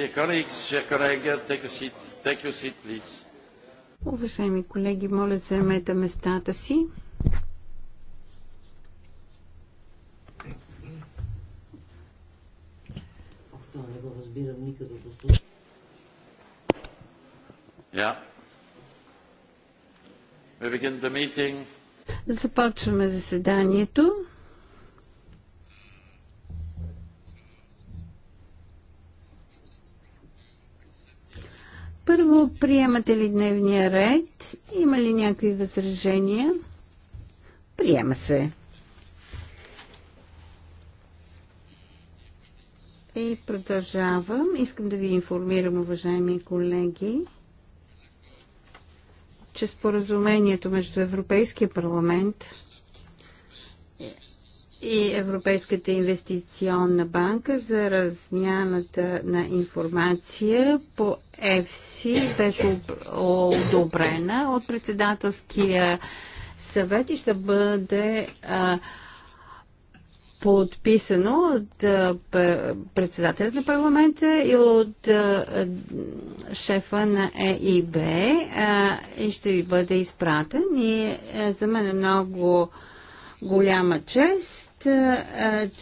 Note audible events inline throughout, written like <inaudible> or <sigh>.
Dear colleagues, chers collègues, take a seat. Take your seat, please. Уважаеми колеги, моля заемете местата си. не го разбирам никъде Yeah. We begin the meeting. Започваме заседанието. Приемате ли дневния ред? Има ли някакви възражения? Приема се. И продължавам. Искам да ви информирам, уважаеми колеги, че споразумението между Европейския парламент и Европейската инвестиционна банка за размяната на информация по ЕФСИ беше одобрена от председателския съвет и ще бъде а, подписано от председателят на парламента и от а, шефа на ЕИБ а, и ще ви бъде изпратен. И е, за мен е много голяма чест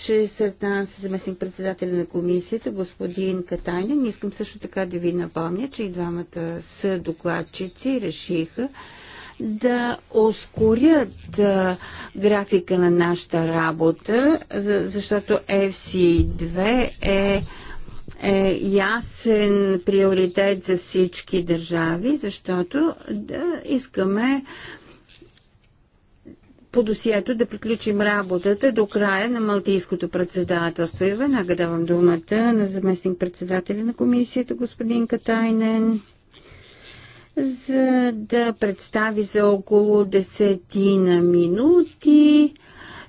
че сред нас е заместник председателя на комисията, господин Катанин. Искам също така да ви напомня, че и двамата са докладчици решиха да ускорят графика на нашата работа, защото FC2 е, е ясен приоритет за всички държави, защото да искаме по досието да приключим работата до края на Малтийското председателство. И веднага давам думата на заместник председателя на комисията, господин Катайнен, за да представи за около десетина минути.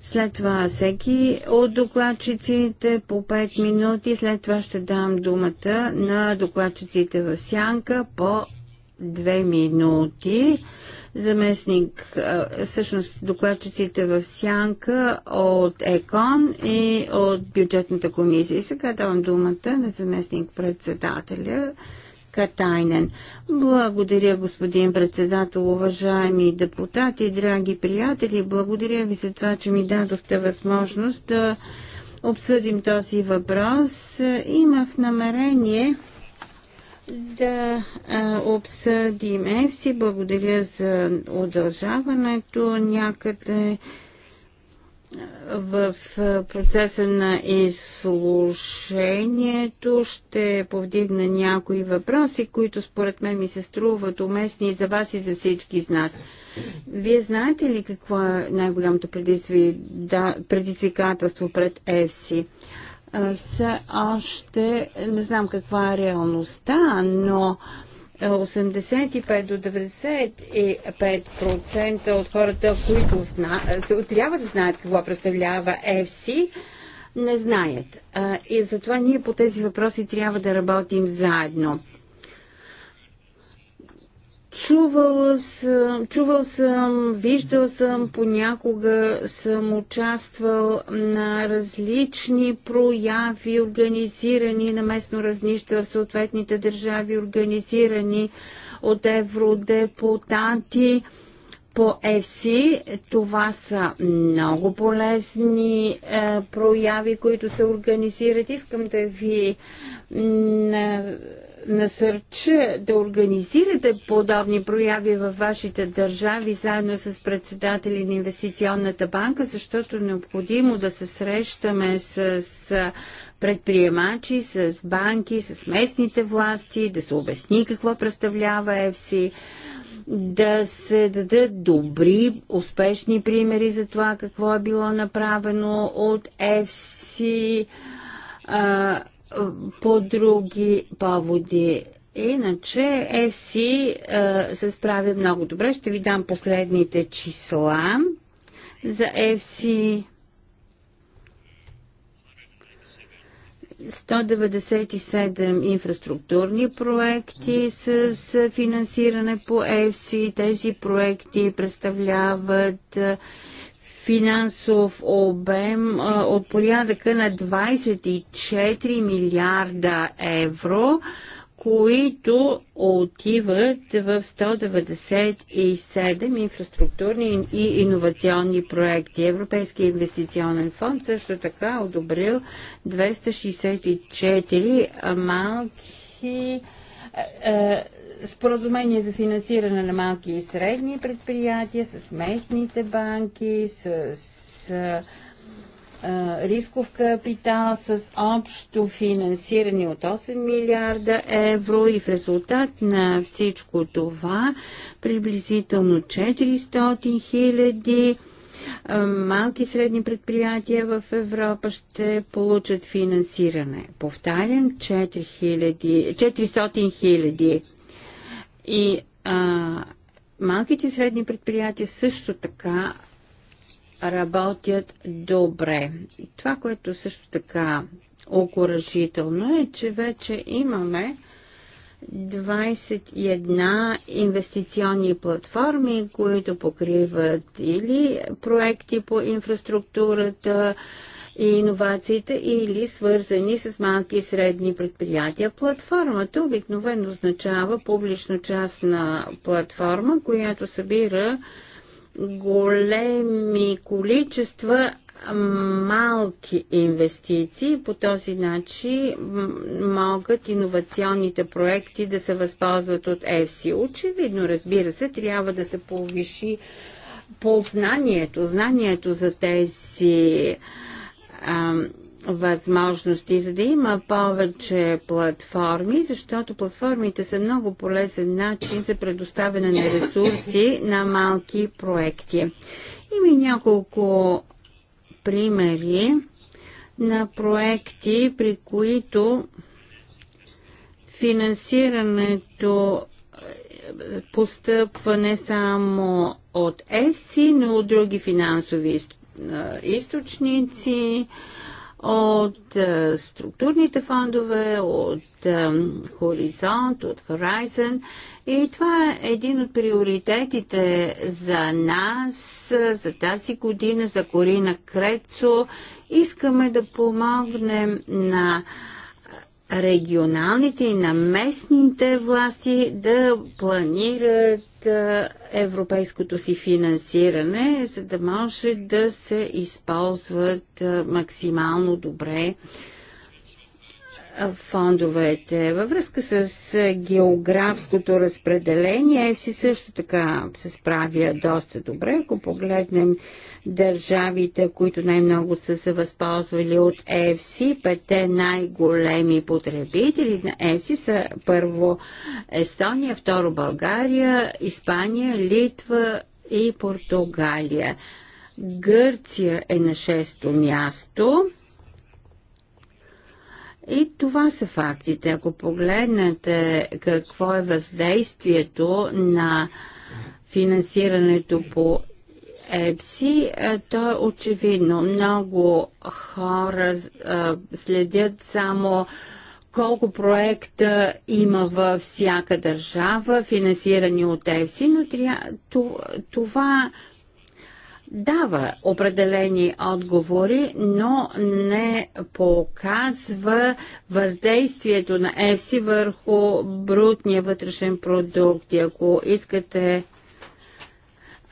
След това всеки от докладчиците по 5 минути. След това ще дам думата на докладчиците в сянка по две минути. Заместник, всъщност докладчиците в Сянка от ЕКОН и от бюджетната комисия. И сега давам думата на заместник председателя Катайнен. Благодаря, господин председател, уважаеми депутати, драги приятели. Благодаря ви за това, че ми дадохте възможност да обсъдим този въпрос. Имах намерение да а, обсъдим ЕФСИ. Благодаря за удължаването някъде в процеса на изслушението ще повдигна някои въпроси, които според мен ми се струват уместни и за вас и за всички из нас. Вие знаете ли какво е най-голямото предизвикателство пред ЕФСИ? все още не знам каква е реалността, но 85 е, до 95% от хората, които зна, е, трябва да знаят какво представлява FC, не знаят. И затова ние по тези въпроси трябва да работим заедно. Чувала съм, чувал съм, виждал съм, понякога съм участвал на различни прояви, организирани на местно равнище в съответните държави, организирани от евродепутати по ЕФСИ. Това са много полезни е, прояви, които се организират. Искам да ви. Е, насърча да организирате подобни прояви във вашите държави заедно с председатели на Инвестиционната банка, защото е необходимо да се срещаме с, предприемачи, с банки, с местните власти, да се обясни какво представлява ЕФСИ да се дадат добри, успешни примери за това какво е било направено от ЕФСИ, по други поводи. Иначе FC е, се справя много добре. Ще ви дам последните числа за FC. 197 инфраструктурни проекти с финансиране по FC, Тези проекти представляват е, финансов обем от порядъка на 24 милиарда евро, които отиват в 197 инфраструктурни и иновационни проекти. Европейския инвестиционен фонд също така е одобрил 264 малки споразумение за финансиране на малки и средни предприятия с местните банки, с, с рисков капитал с общо финансиране от 8 милиарда евро и в резултат на всичко това приблизително 400 хиляди малки и средни предприятия в Европа ще получат финансиране. Повтарям, 400 хиляди и а, малките и средни предприятия също така работят добре. Това, което също така окоръжително е, че вече имаме 21 инвестиционни платформи, които покриват или проекти по инфраструктурата, и иновациите или свързани с малки и средни предприятия. Платформата обикновено означава публично-частна платформа, която събира големи количества малки инвестиции. По този начин могат иновационните проекти да се възползват от EFSI. Очевидно, разбира се, трябва да се повиши познанието, знанието за тези а, възможности, за да има повече платформи, защото платформите са много полезен начин за предоставяне на ресурси на малки проекти. Има и няколко примери на проекти, при които финансирането е, постъпва не само от ЕФСИ, но от други финансови източници, от структурните фондове, от Хоризонт, от Horizon. И това е един от приоритетите за нас, за тази година, за Корина Крецо. Искаме да помогнем на регионалните и на местните власти да планират европейското си финансиране, за да може да се използват максимално добре фондовете. Във връзка с географското разпределение, ЕФСИ също така се справя доста добре. Ако погледнем държавите, които най-много са се възползвали от ЕФСИ, пете най-големи потребители на ЕФСИ са първо Естония, второ България, Испания, Литва и Португалия. Гърция е на шесто място и това са фактите. Ако погледнете какво е въздействието на финансирането по ЕПСИ, е, то е очевидно. Много хора е, следят само колко проекта има във всяка държава, финансирани от ЕФСИ, но това дава определени отговори, но не показва въздействието на ЕФСИ върху брутния вътрешен продукт. И ако искате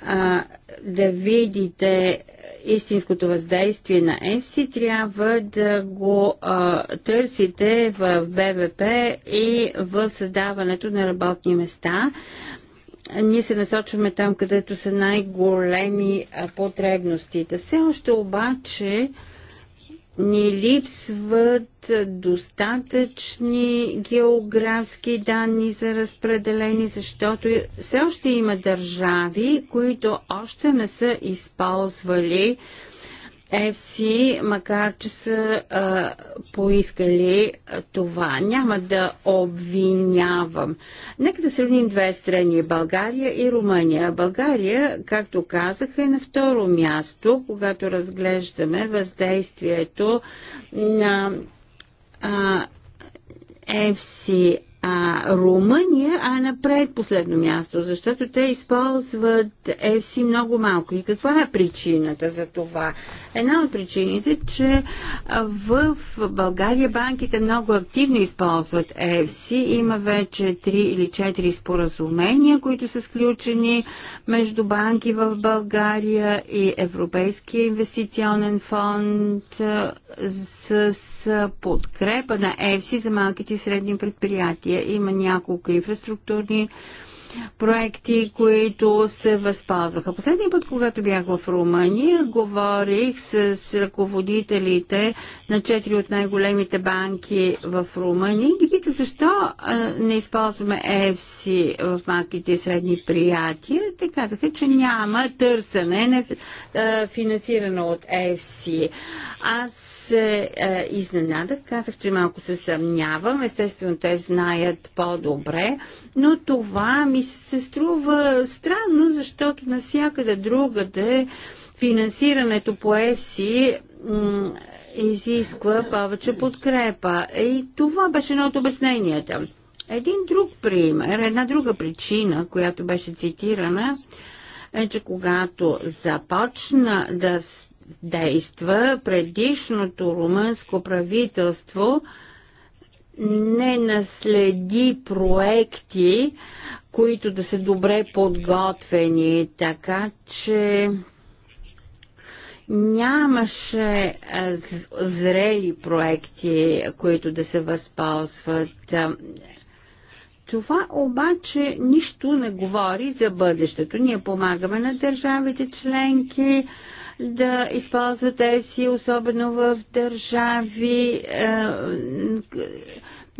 а, да видите истинското въздействие на ЕФСИ, трябва да го а, търсите в БВП и в създаването на работни места ние се насочваме там, където са най-големи потребностите. Все още обаче ни липсват достатъчни географски данни за разпределени, защото все още има държави, които още не са използвали FC, макар че са а, поискали а, това. Няма да обвинявам. Нека да сравним две страни България и Румъния. България, както казах, е на второ място, когато разглеждаме въздействието на а, FC а, Румъния, а напред последно място, защото те използват FC много малко. И каква е причината за това? Една от причините, че в България банките много активно използват FC. Има вече 3 или 4 споразумения, които са сключени между банки в България и Европейския инвестиционен фонд с подкрепа на FC за малките и средни предприятия Италия. Има няколко инфраструктурни проекти, които се възползваха. Последния път, когато бях в Румъния, говорих с ръководителите на четири от най-големите банки в Румъния и ги питах защо не използваме EFC в малките и средни приятия. Те казаха, че няма търсене, не, финансирано от EFC. Аз се е, изненадах, казах, че малко се съмнявам. Естествено, те знаят по-добре, но това ми се струва странно, защото навсякъде другаде финансирането по ЕФСИ изисква повече подкрепа. И това беше едно от обясненията. Един друг пример, една друга причина, която беше цитирана, е, че когато започна да действа, предишното румънско правителство не наследи проекти, които да са добре подготвени, така че нямаше зрели проекти, които да се възползват. Това обаче нищо не говори за бъдещето. Ние помагаме на държавите членки, да използват ЕФСИ, особено в държави. Е,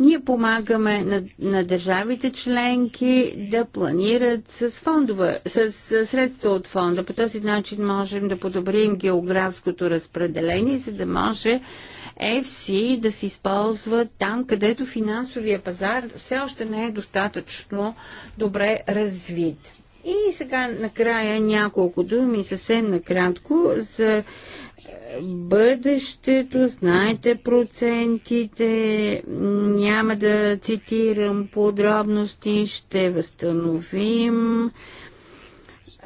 ние помагаме на, на държавите членки да планират с, фондове, с, с средства от фонда. По този начин можем да подобрим географското разпределение, за да може FC да се използва там, където финансовия пазар все още не е достатъчно добре развит. И сега накрая няколко думи съвсем накратко за е, бъдещето, знаете процентите, няма да цитирам подробности, ще възстановим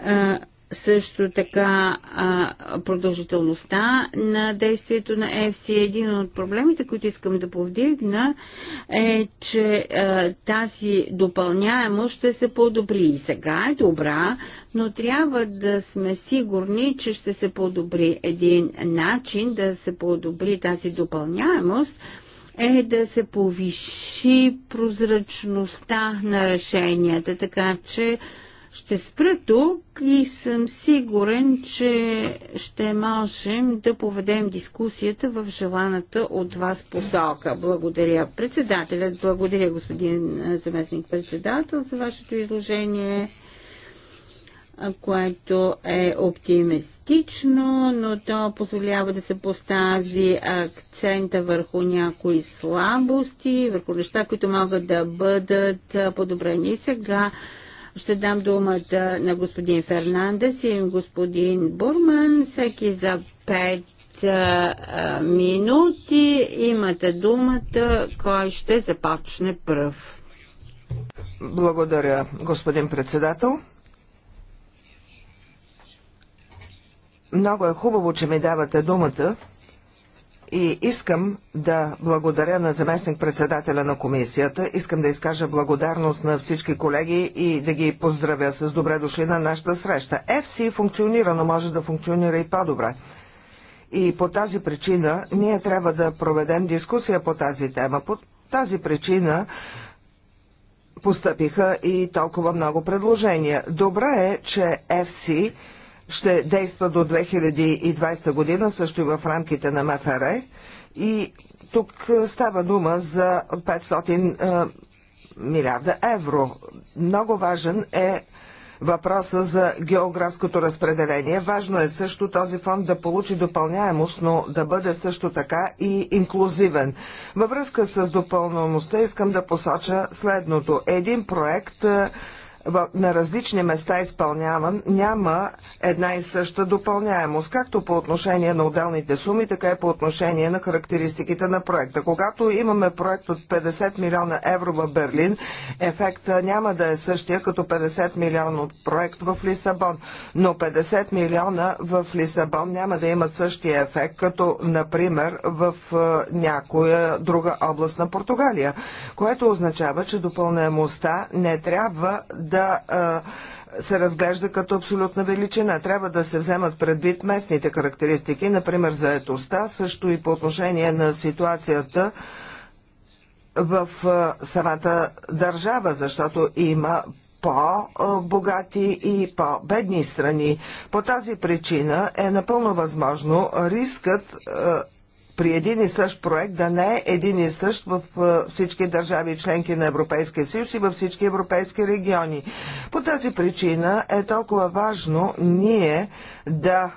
е, също така а, продължителността на действието на FC. Е един от проблемите, които искам да повдигна е, че а, тази допълняемост ще се подобри. И сега е добра, но трябва да сме сигурни, че ще се подобри. Един начин да се подобри тази допълняемост е да се повиши прозрачността на решенията, така че ще спра тук и съм сигурен, че ще можем да поведем дискусията в желаната от вас посока. Благодаря председателят, благодаря господин заместник председател за вашето изложение което е оптимистично, но то позволява да се постави акцента върху някои слабости, върху неща, които могат да бъдат подобрени. Сега ще дам думата на господин Фернандес и господин Бурман. Всеки за 5 минути имате думата, кой ще започне пръв. Благодаря, господин председател. Много е хубаво, че ми давате думата. И искам да благодаря на заместник-председателя на комисията, искам да изкажа благодарност на всички колеги и да ги поздравя с добре дошли на нашата среща. FC функционира, но може да функционира и по-добре. И по тази причина ние трябва да проведем дискусия по тази тема. По тази причина постъпиха и толкова много предложения. Добре е, че FC ще действа до 2020 година, също и в рамките на МФР. И тук е, става дума за 500 е, милиарда евро. Много важен е въпроса за географското разпределение. Важно е също този фонд да получи допълняемост, но да бъде също така и инклюзивен. Във връзка с допълномостта искам да посоча следното. Един проект е, на различни места изпълняван, няма една и съща допълняемост, както по отношение на отделните суми, така и по отношение на характеристиките на проекта. Когато имаме проект от 50 милиона евро в Берлин, ефекта няма да е същия като 50 милиона от проект в Лисабон. Но 50 милиона в Лисабон няма да имат същия ефект, като, например, в някоя друга област на Португалия, което означава, че допълняемостта не трябва да да се разглежда като абсолютна величина. Трябва да се вземат предвид местните характеристики, например заетостта, също и по отношение на ситуацията в самата държава, защото има по-богати и по-бедни страни. По тази причина е напълно възможно рискът при един и същ проект да не е един и същ в всички държави членки на Европейския съюз и във всички европейски региони. По тази причина е толкова важно ние да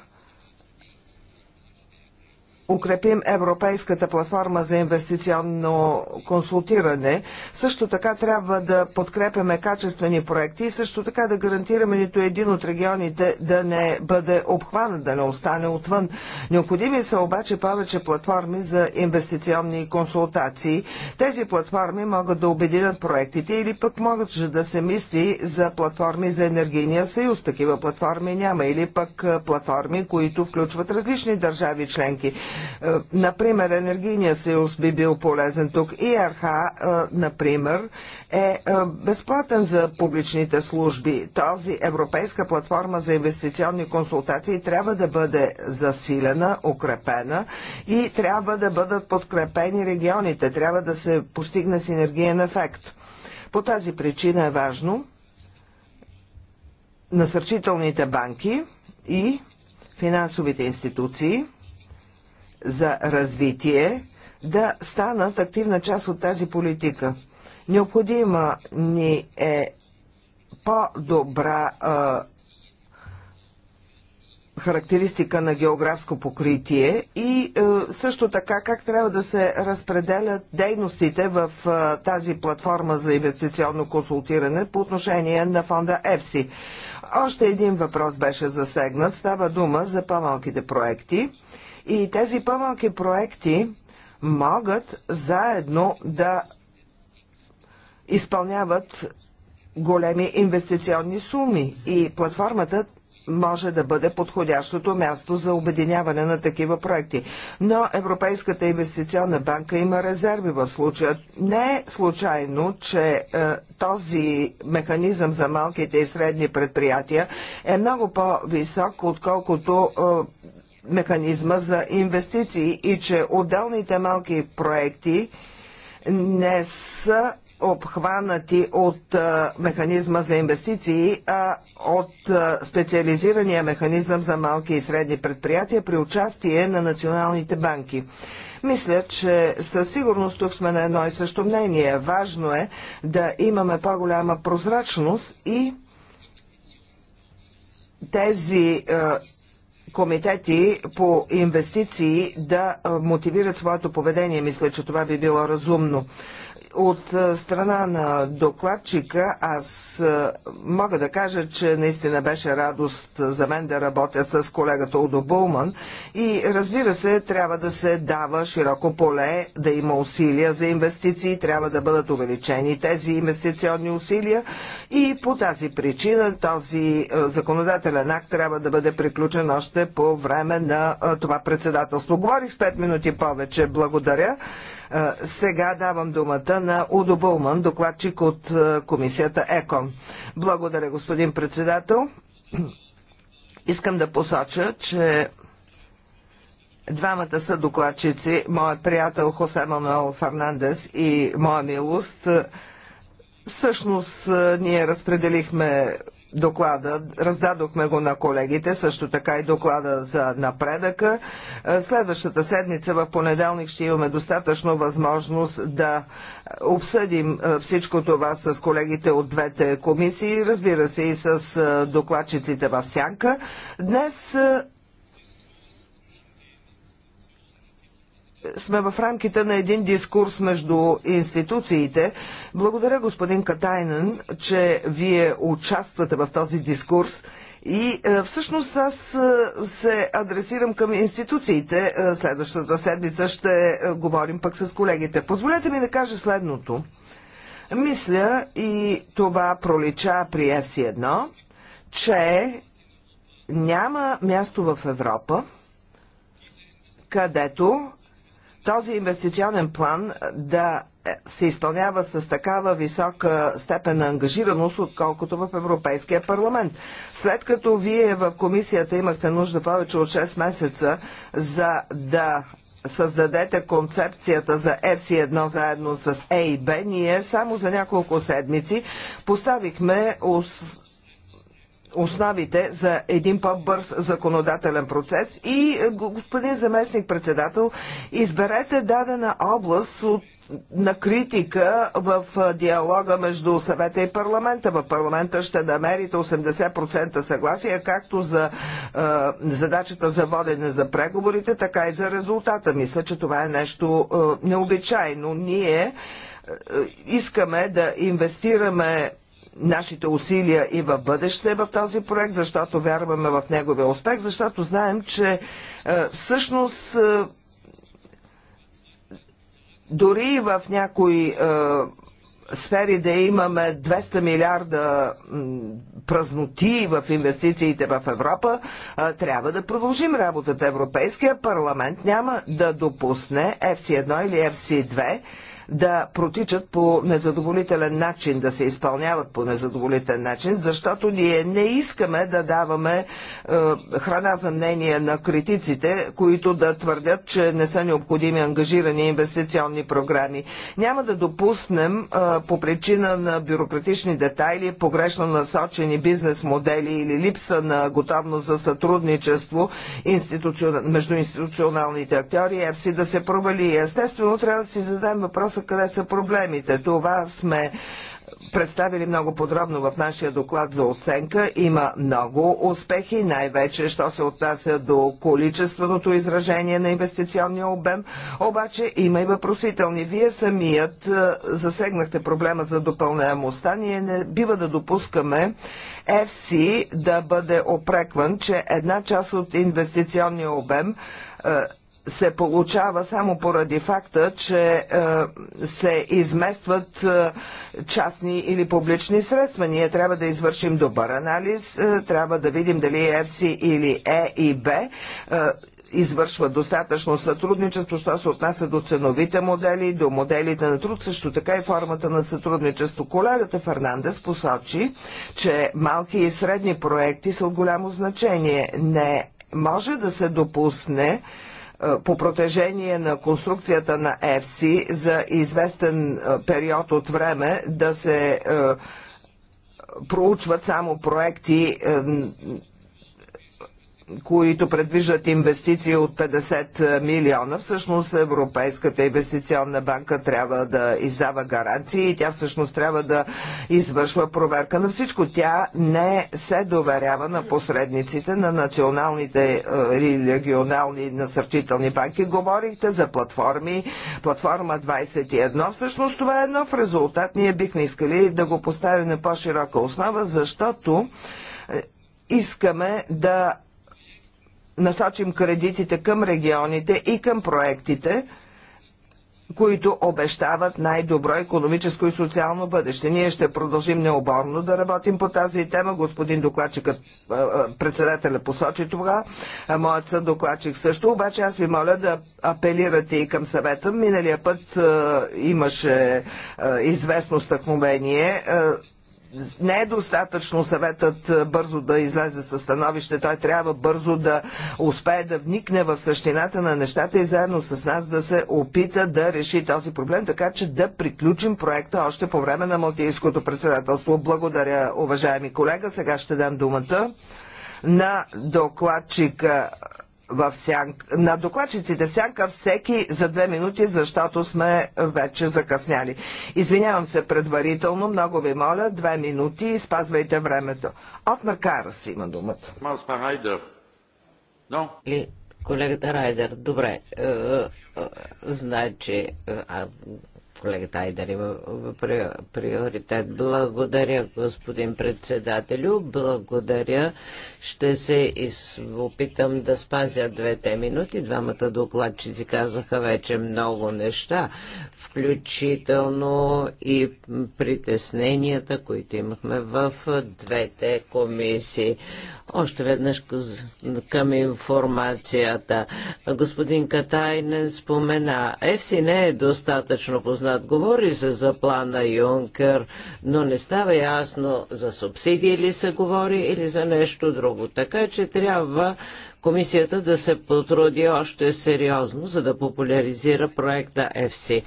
укрепим Европейската платформа за инвестиционно консултиране. Също така трябва да подкрепяме качествени проекти и също така да гарантираме нито един от регионите да не бъде обхванат, да не остане отвън. Необходими са обаче повече платформи за инвестиционни консултации. Тези платформи могат да обединят проектите или пък могат да се мисли за платформи за енергийния съюз. Такива платформи няма или пък платформи, които включват различни държави членки. Е, например, енергийният съюз би бил полезен тук. ИРХ, е, например, е, е безплатен за публичните служби. Тази Европейска платформа за инвестиционни консултации трябва да бъде засилена, укрепена и трябва да бъдат подкрепени регионите. Трябва да се постигне синергиен ефект. По тази причина е важно насърчителните банки и финансовите институции за развитие да станат активна част от тази политика. Необходима ни е по-добра характеристика на географско покритие и е, също така как трябва да се разпределят дейностите в е, тази платформа за инвестиционно консултиране по отношение на фонда EFSI. Още един въпрос беше засегнат. Става дума за по-малките проекти. И тези по-малки проекти могат заедно да изпълняват големи инвестиционни суми и платформата може да бъде подходящото място за обединяване на такива проекти. Но Европейската инвестиционна банка има резерви в случая. Не е случайно, че е, този механизъм за малките и средни предприятия е много по-висок, отколкото е, механизма за инвестиции и че отделните малки проекти не са обхванати от а, механизма за инвестиции, а от а, специализирания механизъм за малки и средни предприятия при участие на националните банки. Мисля, че със сигурност тук сме на едно и също мнение. Важно е да имаме по-голяма прозрачност и тези е, комитети по инвестиции да мотивират своето поведение. Мисля, че това би било разумно. От страна на докладчика аз мога да кажа, че наистина беше радост за мен да работя с колегата Удо Булман и разбира се, трябва да се дава широко поле, да има усилия за инвестиции, трябва да бъдат увеличени тези инвестиционни усилия и по тази причина този законодателен акт трябва да бъде приключен още по време на това председателство. Говорих с 5 минути повече. Благодаря. Сега давам думата на Удо Булман, докладчик от комисията ЕКОН. Благодаря, господин председател. <clears throat> Искам да посоча, че Двамата са докладчици, моят приятел Хосе Мануел Фернандес и моя милост. Всъщност ние разпределихме доклада, раздадохме го на колегите, също така и доклада за напредъка. Е, следващата седмица в понеделник ще имаме достатъчно възможност да обсъдим е, всичко това с колегите от двете комисии, разбира се и с е, докладчиците в Сянка. Днес сме в рамките на един дискурс между институциите. Благодаря, господин Катайнен, че вие участвате в този дискурс. И е, всъщност аз е, се адресирам към институциите. Е, следващата седмица ще говорим пък с колегите. Позволете ми да кажа следното. Мисля и това пролича при FC1, че няма място в Европа, където този инвестиционен план е, да е, се изпълнява с такава висока степен на ангажираност, отколкото в Европейския парламент. След като вие в комисията имахте нужда повече от 6 месеца за да създадете концепцията за FC1 заедно с A е и B, ние само за няколко седмици поставихме основите за един по-бърз законодателен процес и е, господин заместник председател, изберете дадена област от на критика в е, диалога между съвета и парламента. В парламента ще намерите 80% съгласие, както за е, задачата за водене за преговорите, така и за резултата. Мисля, че това е нещо е, необичайно. Ние е, искаме да инвестираме нашите усилия и в бъдеще в този проект, защото вярваме в неговия успех, защото знаем, че е, всъщност е, дори в някои е, сфери да имаме 200 милиарда празноти в инвестициите в Европа, трябва да продължим работата. Европейския парламент няма да допусне FC1 или FC2 да протичат по незадоволителен начин, да се изпълняват по незадоволителен начин, защото ние не искаме да даваме е, храна за мнение на критиците, които да твърдят, че не са необходими ангажирани инвестиционни програми. Няма да допуснем е, по причина на бюрократични детайли, погрешно насочени бизнес модели или липса на готовност за сътрудничество институцион... между институционалните актьори, ЕПСИ да се провали. Естествено, трябва да си зададем въпрос въпроса къде са проблемите. Това сме представили много подробно в нашия доклад за оценка. Има много успехи, най-вече, що се отнася до количественото изражение на инвестиционния обем, обаче има и въпросителни. Вие самият е, засегнахте проблема за допълняемостта. Ние не бива да допускаме FC да бъде опрекван, че една част от инвестиционния обем е, се получава само поради факта, че е, се изместват е, частни или публични средства. Ние трябва да извършим добър анализ, е, трябва да видим дали ЕФСИ или Е и Б е, извършва достатъчно сътрудничество, що се отнася до ценовите модели, до моделите на труд, също така и формата на сътрудничество. Колегата Фернандес посочи, че малки и средни проекти са от голямо значение. Не може да се допусне е, по протежение на конструкцията на ЕФСИ за известен е, период от време да се е, проучват само проекти които предвиждат инвестиции от 50 е, милиона. Всъщност Европейската инвестиционна банка трябва да издава гаранции и тя всъщност трябва да извършва проверка на всичко. Тя не се доверява на посредниците на националните е, или регионални насърчителни банки. Говорихте за платформи, платформа 21. Всъщност това е едно в резултат. Ние бихме искали да го поставим на по-широка основа, защото е, искаме да насочим кредитите към регионите и към проектите, които обещават най-добро економическо и социално бъдеще. Ние ще продължим необорно да работим по тази тема. Господин докладчикът, председателя посочи това, моят съд докладчик също, обаче аз ви моля да апелирате и към съвета. Миналия път имаше известно стъкновение не е достатъчно съветът е, бързо да излезе със становище. Той трябва бързо да успее да вникне в същината на нещата и заедно с нас да се опита да реши този проблем, така че да приключим проекта още по време на Малтийското председателство. Благодаря, уважаеми колега. Сега ще дам думата на докладчика в сянка, на докладчиците в сянка всеки за две минути, защото сме вече закъсняли. Извинявам се предварително, много ви моля, две минути и спазвайте времето. От си има думата. Ли, Колегата Райдер, добре. Е, е, значи, е, е колегата Айдар в приоритет. Благодаря, господин председателю. Благодаря. Ще се опитам да спазя двете минути. Двамата докладчици казаха вече много неща, включително и притесненията, които имахме в двете комисии. Още веднъж към информацията. Господин Катайнен спомена, ЕФСИ не е достатъчно познат познат. Говори се за плана Юнкер, но не става ясно за субсидии ли се говори или за нещо друго. Така че трябва комисията да се потруди още сериозно, за да популяризира проекта FC.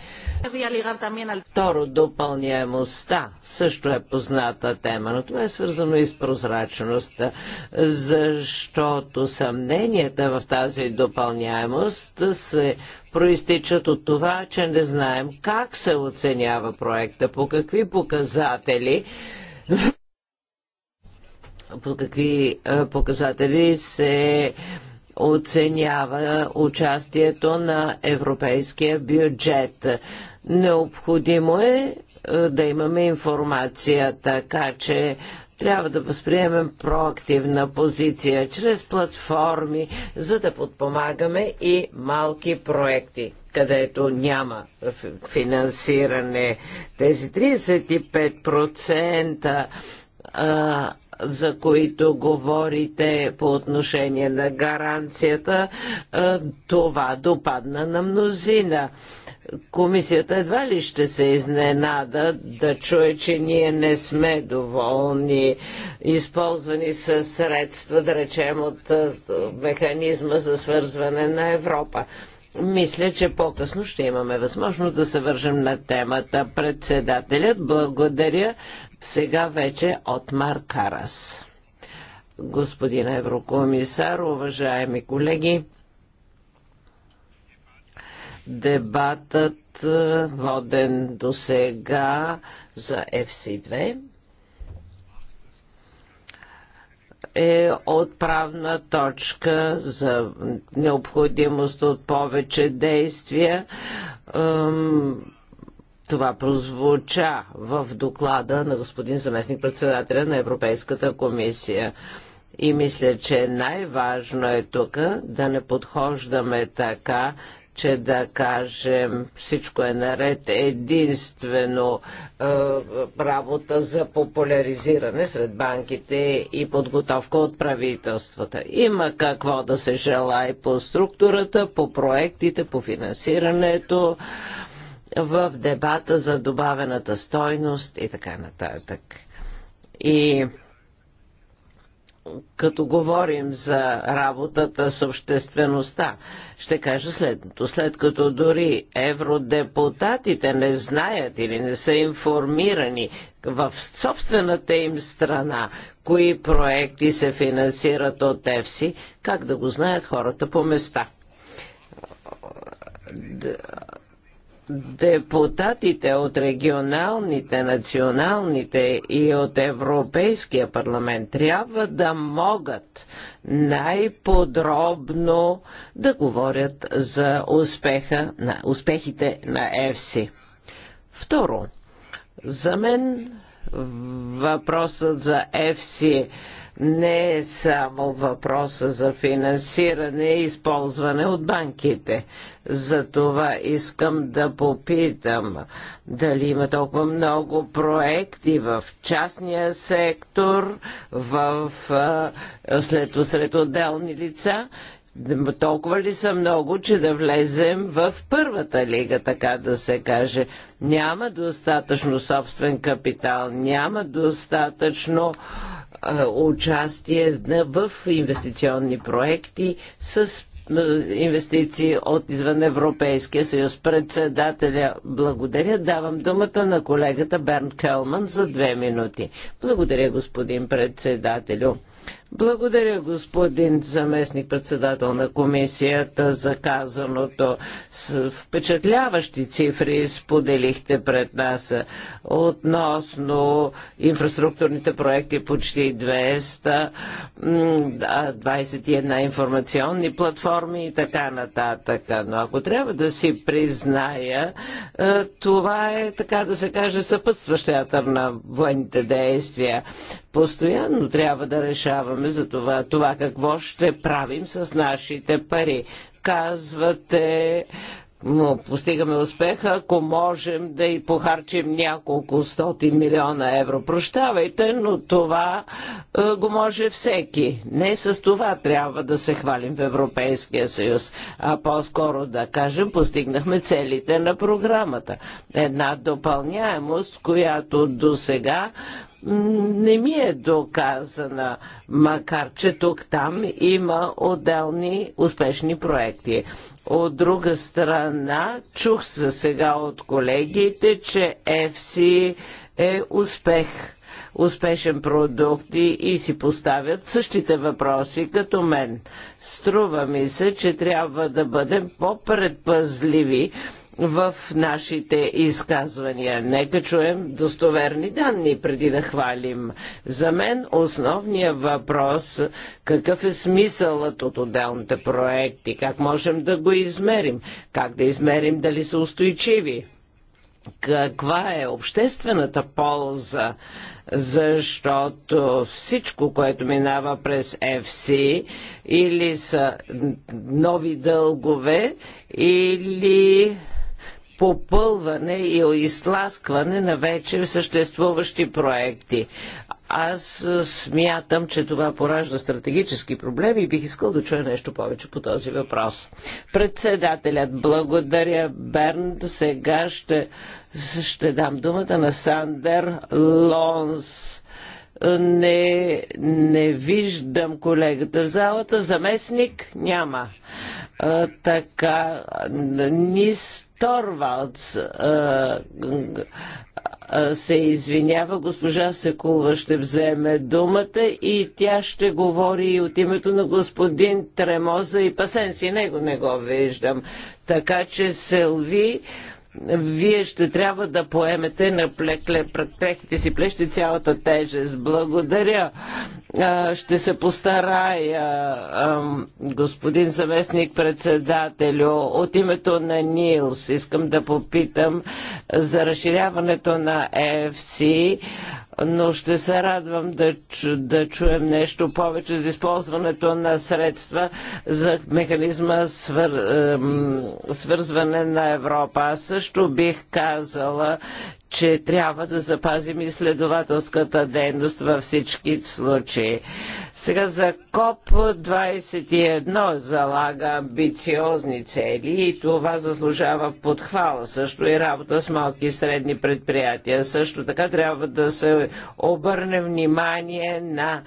Второ, допълняемостта също е позната тема, но това е свързано и с прозрачността, защото съмненията в тази допълняемост се проистичат от това, че не знаем как се оценява проекта, по какви показатели по какви е, показатели се оценява участието на европейския бюджет. Необходимо е, е да имаме информация, така че трябва да възприемем проактивна позиция чрез платформи, за да подпомагаме и малки проекти, където няма финансиране. Тези 35% за които говорите по отношение на гаранцията, това допадна на мнозина. Комисията едва ли ще се изненада да чуе, че ние не сме доволни, използвани с средства, да речем, от механизма за свързване на Европа. Мисля, че по-късно ще имаме възможност да се вържем на темата. Председателят, благодаря сега вече от Маркарас. Господин еврокомисар, уважаеми колеги, дебатът е, воден до сега за FC2 е отправна точка за необходимост от повече действия. Това прозвуча в доклада на господин заместник председателя на Европейската комисия. И мисля, че най-важно е тук да не подхождаме така, че да кажем всичко е наред единствено е, работа за популяризиране сред банките и подготовка от правителствата. Има какво да се желай по структурата, по проектите, по финансирането в дебата за добавената стойност и така нататък. И като говорим за работата с обществеността, ще кажа следното. След като дори евродепутатите не знаят или не са информирани в собствената им страна, кои проекти се финансират от ЕФСИ, как да го знаят хората по места? депутатите от регионалните, националните и от Европейския парламент трябва да могат най-подробно да говорят за успеха на, успехите на ЕФСИ. Второ, за мен въпросът за ЕФСИ не е само въпроса за финансиране и използване от банките. Затова искам да попитам дали има толкова много проекти в частния сектор, в, след, сред отделни лица толкова ли са много, че да влезем в първата лига, така да се каже. Няма достатъчно собствен капитал, няма достатъчно участие в инвестиционни проекти с инвестиции от извън Европейския съюз. Председателя, благодаря. Давам думата на колегата Берн Келман за две минути. Благодаря, господин председателю. Благодаря, господин заместник председател на комисията за казаното. С впечатляващи цифри споделихте пред нас относно инфраструктурните проекти почти 200, 21 информационни платформи и така нататък. Но ако трябва да си призная, е, това е така да се каже съпътстващ театър на военните действия. Постоянно трябва да решаваме разговаряме за това, това какво ще правим с нашите пари. Казвате, но постигаме успеха, ако можем да и похарчим няколко стоти милиона евро. Прощавайте, но това е, го може всеки. Не с това трябва да се хвалим в Европейския съюз, а по-скоро да кажем, постигнахме целите на програмата. Една допълняемост, която до сега не ми е доказана, макар че тук там има отделни успешни проекти. От друга страна, чух се сега от колегите, че FC е успех успешен продукт и, и си поставят същите въпроси като мен. Струва ми се, че трябва да бъдем по-предпазливи в нашите изказвания. Нека чуем достоверни данни преди да хвалим. За мен основният въпрос какъв е смисълът от отделните проекти, как можем да го измерим, как да измерим дали са устойчиви каква е обществената полза, защото всичко, което минава през FC, или са нови дългове, или попълване и изтласкване на вече съществуващи проекти. Аз смятам, че това поражда стратегически проблеми и бих искал да чуя нещо повече по този въпрос. Председателят, благодаря Бернт. Сега ще, ще дам думата на Сандер Лонс не, не виждам колегата в залата. Заместник няма. А, така, Нис Торвалц а, а, се извинява. Госпожа Секулва ще вземе думата и тя ще говори и от името на господин Тремоза и Пасенси. Него не го виждам. Така че, Селви, а, вие ще трябва да поемете на плекле, прехите си плещи цялата тежест. Благодаря. Ще се постарая, господин заместник председателю, от името на Нилс искам да попитам за разширяването на ЕФСИ но ще се радвам да, да чуем нещо повече за използването на средства за механизма свър, свързване на Европа. Аз също бих казала, че трябва да запазим изследователската дейност във всички случаи. Сега за КОП-21 залага амбициозни цели и това заслужава подхвала. Също и работа с малки и средни предприятия. Също така трябва да се обърне внимание на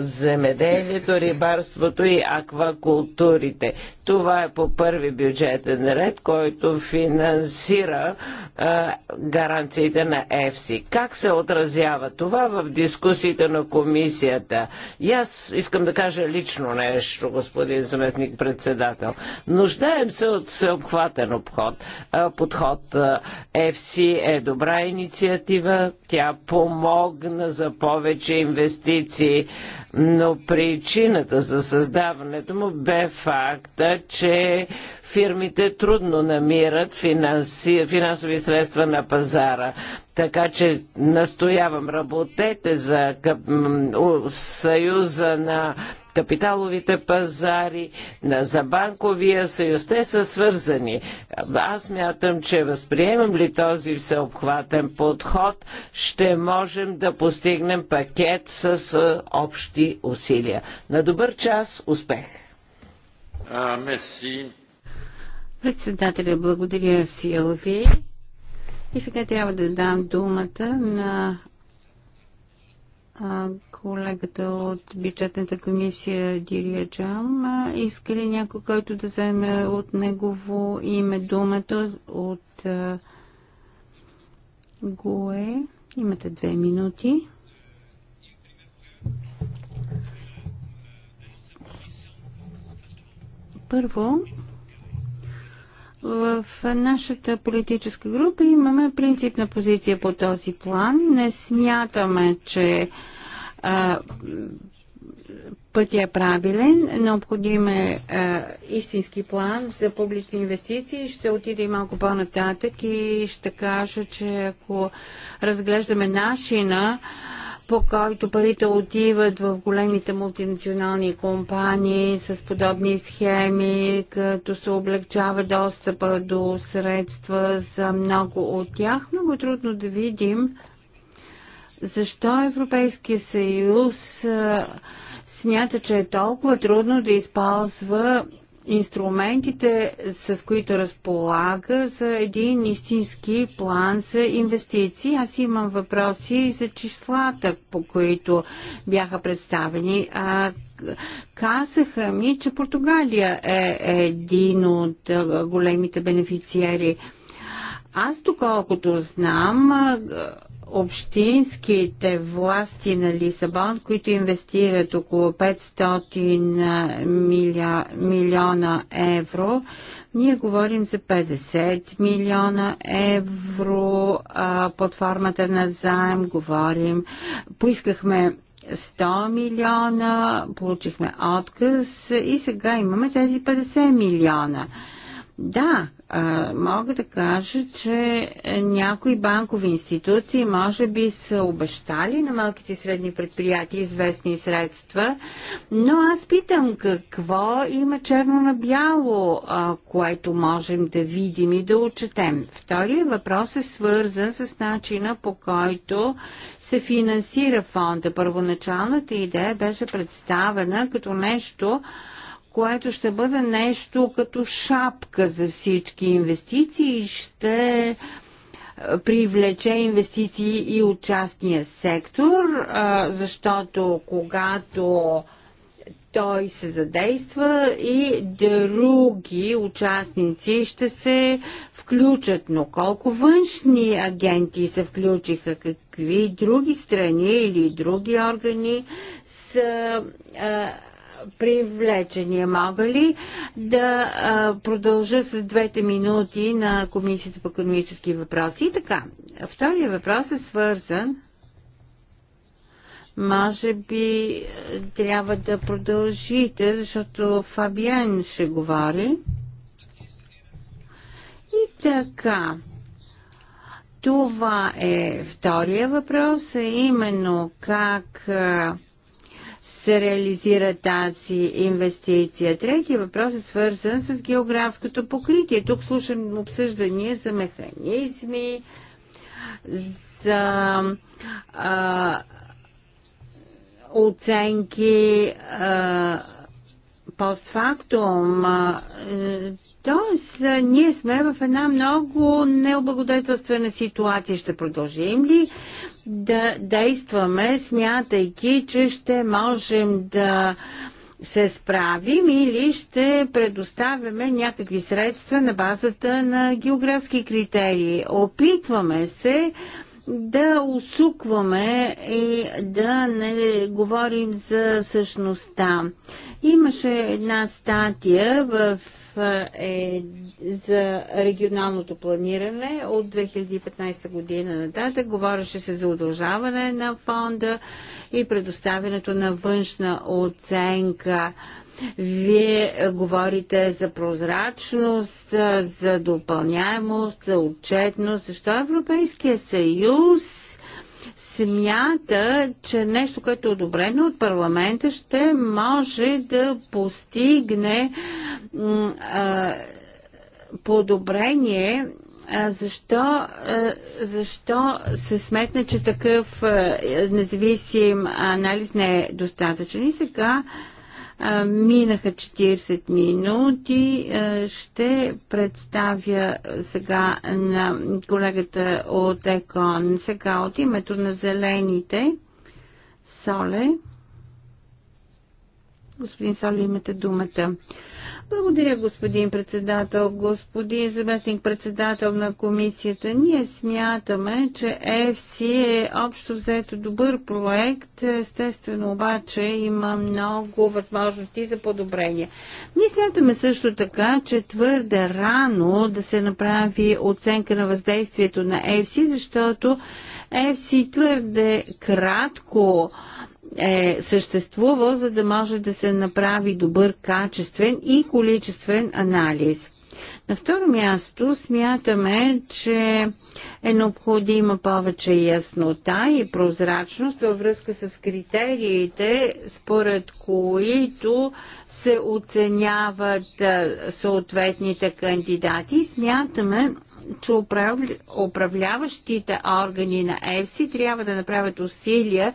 земеделието, рибарството и аквакултурите. Това е по първи бюджетен ред, който финансира а, гаранциите на ЕФСИ. Как се отразява това в дискусиите на комисията? И аз искам да кажа лично нещо, господин заместник председател. Нуждаем се от съобхватен обход, а, подход. ЕФСИ е добра инициатива, тя помогна за повече инвестиции но причината за създаването му бе факта, че фирмите трудно намират финанси... финансови средства на пазара. Така че настоявам, работете за Съюза на капиталовите пазари, за банковия съюз. Те са свързани. Аз мятам, че възприемам ли този всеобхватен подход, ще можем да постигнем пакет с общи усилия. На добър час, успех! А, Председателя, благодаря Силви. И сега трябва да дам думата на колегата от бюджетната комисия Дирия Джам. Иска ли някой, който да вземе от негово име думата от ГОЕ? Имате две минути. Първо, в нашата политическа група имаме принципна позиция по този план. Не смятаме, че а, пътя е правилен. Необходим е а, истински план за публични инвестиции. Ще отида и малко по-нататък и ще кажа, че ако разглеждаме начина, а, по който парите отиват в големите мултинационални компании с подобни схеми, като се облегчава достъпа до средства за много от тях. Много е трудно да видим защо Европейския съюз смята, че е толкова трудно да използва инструментите, с които разполага за един истински план за инвестиции. Аз имам въпроси за числата, по които бяха представени. А, казаха ми, че Португалия е един от големите бенефициери. Аз, доколкото знам, общинските власти на Лисабон, които инвестират около 500 милиона евро, ние говорим за 50 милиона евро а, под формата на заем, говорим, поискахме 100 милиона, получихме отказ и сега имаме тези 50 милиона. Да, а, мога да кажа, че някои банкови институции може би са обещали на малките и средни предприятия известни средства, но аз питам какво има черно на бяло, а, което можем да видим и да отчетем. Втория въпрос е свързан с начина по който се финансира фонда. Първоначалната идея беше представена като нещо, което ще бъде нещо като шапка за всички инвестиции и ще привлече инвестиции и от частния сектор, защото когато той се задейства и други участници ще се включат. Но колко външни агенти се включиха, какви други страни или други органи са а, привлечения. Мога ли да продължа с двете минути на Комисията по економически въпроси? И така, втория въпрос е свързан. Може би трябва да продължите, защото Фабиан ще говори. И така. Това е втория въпрос, а именно как а, се реализира тази инвестиция. Третия въпрос е свързан с географското покритие. Тук слушам обсъждания за механизми, за а, оценки, а, постфактум. Е, тоест, е, ние сме в една много необлагодетелствена ситуация. Ще продължим ли да действаме, смятайки, че ще можем да се справим или ще предоставяме някакви средства на базата на географски критерии. Опитваме се да усукваме и да не говорим за същността. Имаше една статия в, е, за регионалното планиране от 2015 година нататък. Говореше се за удължаване на фонда и предоставянето на външна оценка. Е, вие говорите за прозрачност, за допълняемост, за отчетност. Защо Европейския съюз смята, че нещо, което е одобрено от парламента, ще може да постигне а, подобрение защо, защо се сметна, че такъв независим анализ не е достатъчен? И сега Минаха 40 минути. Ще представя сега на колегата от ЕКОН. Сега от името на зелените. Соле. Господин Соле, имате думата. Благодаря, господин председател. Господин заместник председател на комисията, ние смятаме, че EFC е общо взето добър проект. Естествено обаче има много възможности за подобрение. Ние смятаме също така, че твърде рано да се направи оценка на въздействието на EFC, защото EFC твърде кратко е съществувал, за да може да се направи добър качествен и количествен анализ. На второ място смятаме, че е необходима повече яснота и прозрачност във връзка с критериите, според които се оценяват съответните кандидати. Смятаме, че управляващите органи на ЕФСИ трябва да направят усилия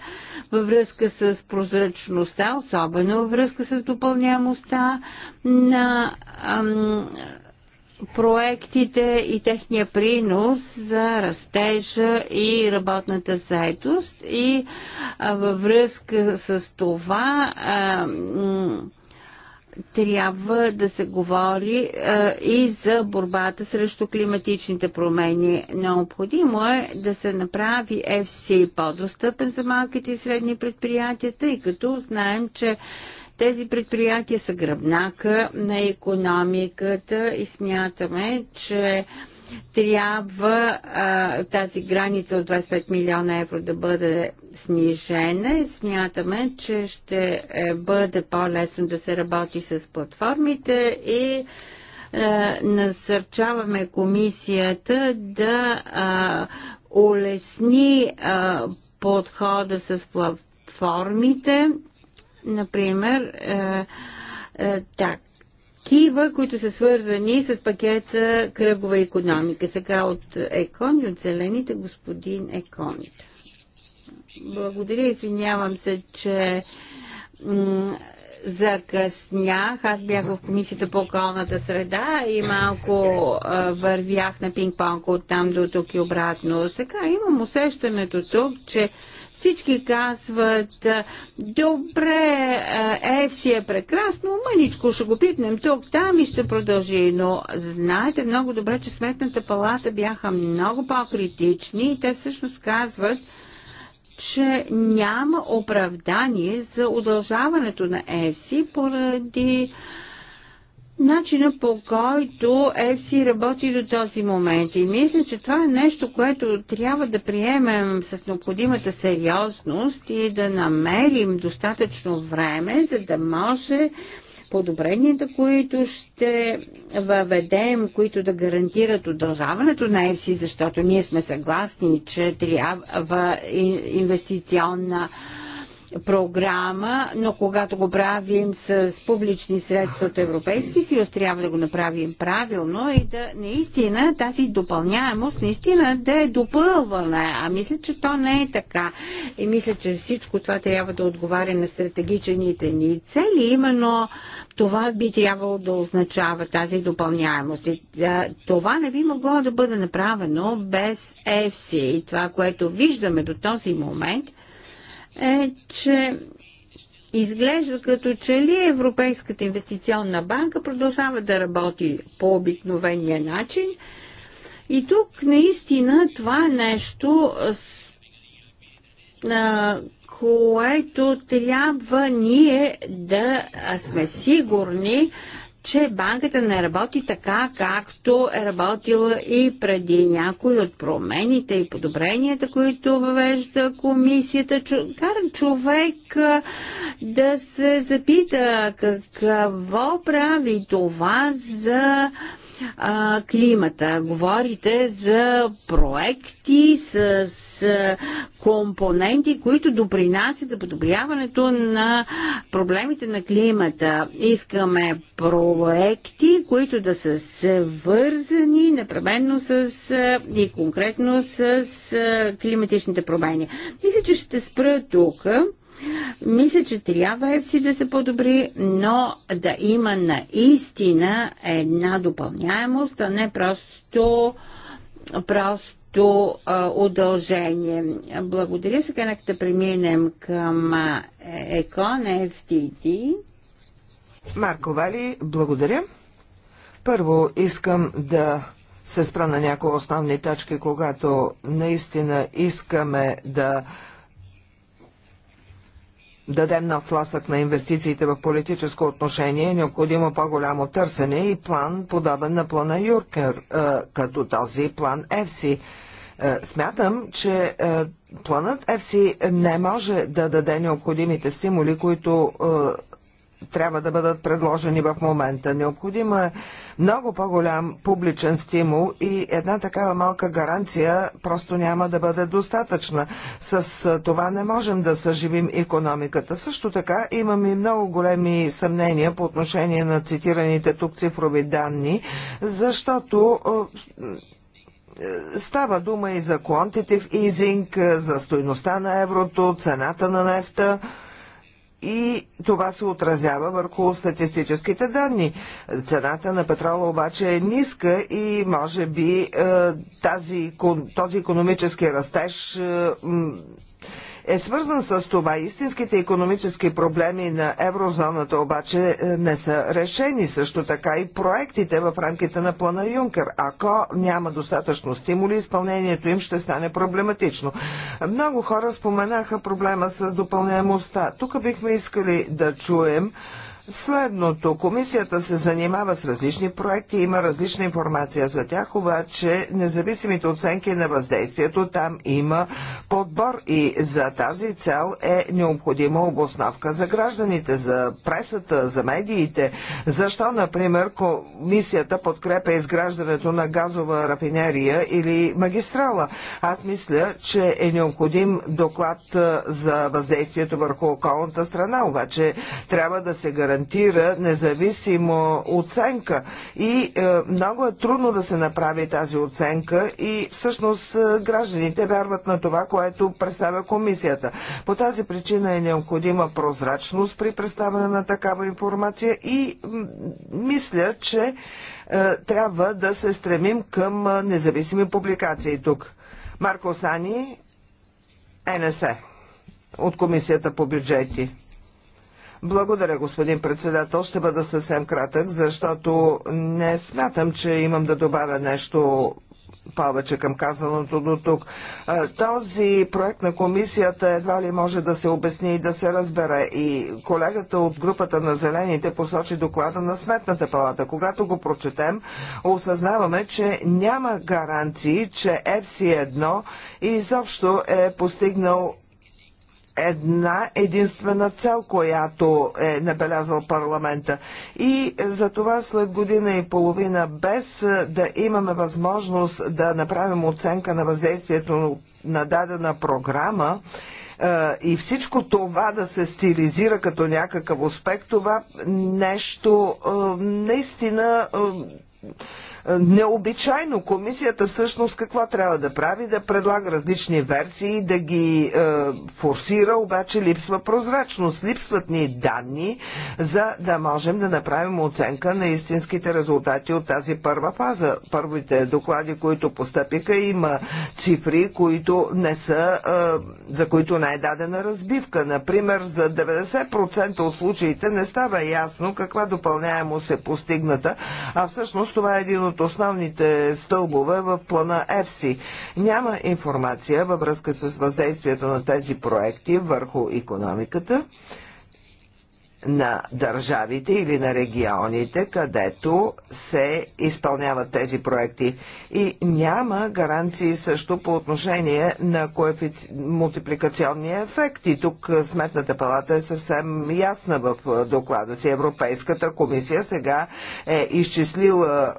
във връзка с прозрачността, особено във връзка с допълнямостта на ам, проектите и техния принос за растежа и работната заедост и а, във връзка с това а, трябва да се говори а, и за борбата срещу климатичните промени. Необходимо е да се направи FC по-достъпен за малките и средни предприятия, тъй като знаем, че тези предприятия са гръбнака на економиката и смятаме, че трябва а, тази граница от 25 милиона евро да бъде снижена и смятаме, че ще е, бъде по-лесно да се работи с платформите и а, е, насърчаваме комисията да а, улесни а, подхода с платформите Например, е, е, так, кива, които са свързани с пакета кръгова економика. Сега от Екон и от зелените господин Екон. Благодаря, извинявам се, че закъснях. Аз бях в комисията по околната среда и малко а, вървях на пинг-понг от там до тук и обратно. Сега имам усещането тук, че всички казват, добре, ЕФСИ е прекрасно, мъничко ще го пипнем тук, там и ще продължи. Но знаете много добре, че Сметната палата бяха много по-критични и те всъщност казват, че няма оправдание за удължаването на ЕФСИ поради начина по който ЕФСИ работи до този момент. И мисля, че това е нещо, което трябва да приемем с необходимата сериозност и да намерим достатъчно време, за да може подобренията, които ще въведем, които да гарантират удължаването на ЕФСИ, защото ние сме съгласни, че трябва инвестиционна програма, но когато го правим с публични средства от Европейски съюз, трябва да го направим правилно и да наистина тази допълняемост наистина да е допълвана. А мисля, че то не е така. И мисля, че всичко това трябва да отговаря на стратегичените ни цели. Именно това би трябвало да означава тази допълняемост. И, това не би могло да бъде направено без EFSI. И това, което виждаме до този момент – е, че изглежда като че ли Европейската инвестиционна банка продължава да работи по обикновения начин. И тук наистина това е нещо, което трябва ние да сме сигурни, че банката не работи така, както е работила и преди някои от промените и подобренията, които въвежда комисията. Кара човек да се запита какво прави това за а, климата. Говорите за проекти с, с компоненти, които допринасят за подобряването на проблемите на климата. Искаме проекти, които да са свързани непременно с и конкретно с климатичните промени. Мисля, че ще спра тук. Мисля, че трябва ЕФСИ да се подобри, но да има наистина една допълняемост, а не просто, просто а, удължение. Благодаря. Сега нека да преминем към ЕКОН, FTD. Марко Вали, благодаря. Първо искам да се спра на някои основни точки, когато наистина искаме да дадем на фласък на инвестициите в политическо отношение, е необходимо по-голямо търсене и план, подобен на плана Юркер, е, като този план ЕФСИ. Е, смятам, че е, планът ЕФСИ не може да даде необходимите стимули, които трябва да бъдат предложени в момента. Необходимо е много по-голям публичен стимул и една такава малка гаранция просто няма да бъде достатъчна. С това не можем да съживим економиката. Също така имам и много големи съмнения по отношение на цитираните тук цифрови данни, защото Става дума и за quantitative easing, за стойността на еврото, цената на нефта и това се отразява върху статистическите данни. Цената на петрола обаче е ниска и може би е, тази, този економически растеж е, е свързан с това. Истинските економически проблеми на еврозоната обаче е, не са решени. Също така и проектите в рамките на плана Юнкер. Ако няма достатъчно стимули, изпълнението им ще стане проблематично. Много хора споменаха проблема с допълняемостта. Тук бихме искали да чуем следното. Комисията се занимава с различни проекти, има различна информация за тях, обаче независимите оценки на въздействието там има подбор и за тази цел е необходима обосновка за гражданите, за пресата, за медиите. Защо, например, комисията подкрепя изграждането на газова рафинерия или магистрала? Аз мисля, че е необходим доклад за въздействието върху околната страна, обаче трябва да се гарантира гарантира независимо оценка. И е, много е трудно да се направи тази оценка и всъщност е, гражданите вярват на това, което представя комисията. По тази причина е необходима прозрачност при представяне на такава информация и мисля, че е, трябва да се стремим към е, независими публикации тук. Марко Сани, НСЕ от Комисията по бюджети. Благодаря, господин председател. Ще бъда съвсем кратък, защото не смятам, че имам да добавя нещо повече към казаното до тук. Този проект на комисията едва ли може да се обясни и да се разбере. И колегата от групата на зелените посочи доклада на Сметната палата. Когато го прочетем, осъзнаваме, че няма гаранции, че FC1 изобщо е постигнал една единствена цел, която е набелязал парламента. И за това след година и половина, без е, да имаме възможност да направим оценка на въздействието на дадена програма, е, и всичко това да се стилизира като някакъв успех, това нещо е, наистина е, необичайно. Комисията всъщност какво трябва да прави? Да предлага различни версии, да ги е, форсира, обаче липсва прозрачност. Липсват ни данни, за да можем да направим оценка на истинските резултати от тази първа фаза. Първите доклади, които постъпиха, има цифри, които не са, е, за които не е дадена разбивка. Например, за 90% от случаите не става ясно каква допълняемост е постигната, а всъщност това е един от от основните стълбове в плана ЕФСИ. Няма информация във връзка с въздействието на тези проекти върху економиката на държавите или на регионите, където се изпълняват тези проекти. И няма гаранции също по отношение на коефици... мултипликационния ефект. И тук Сметната палата е съвсем ясна в доклада си. Европейската комисия сега е изчислила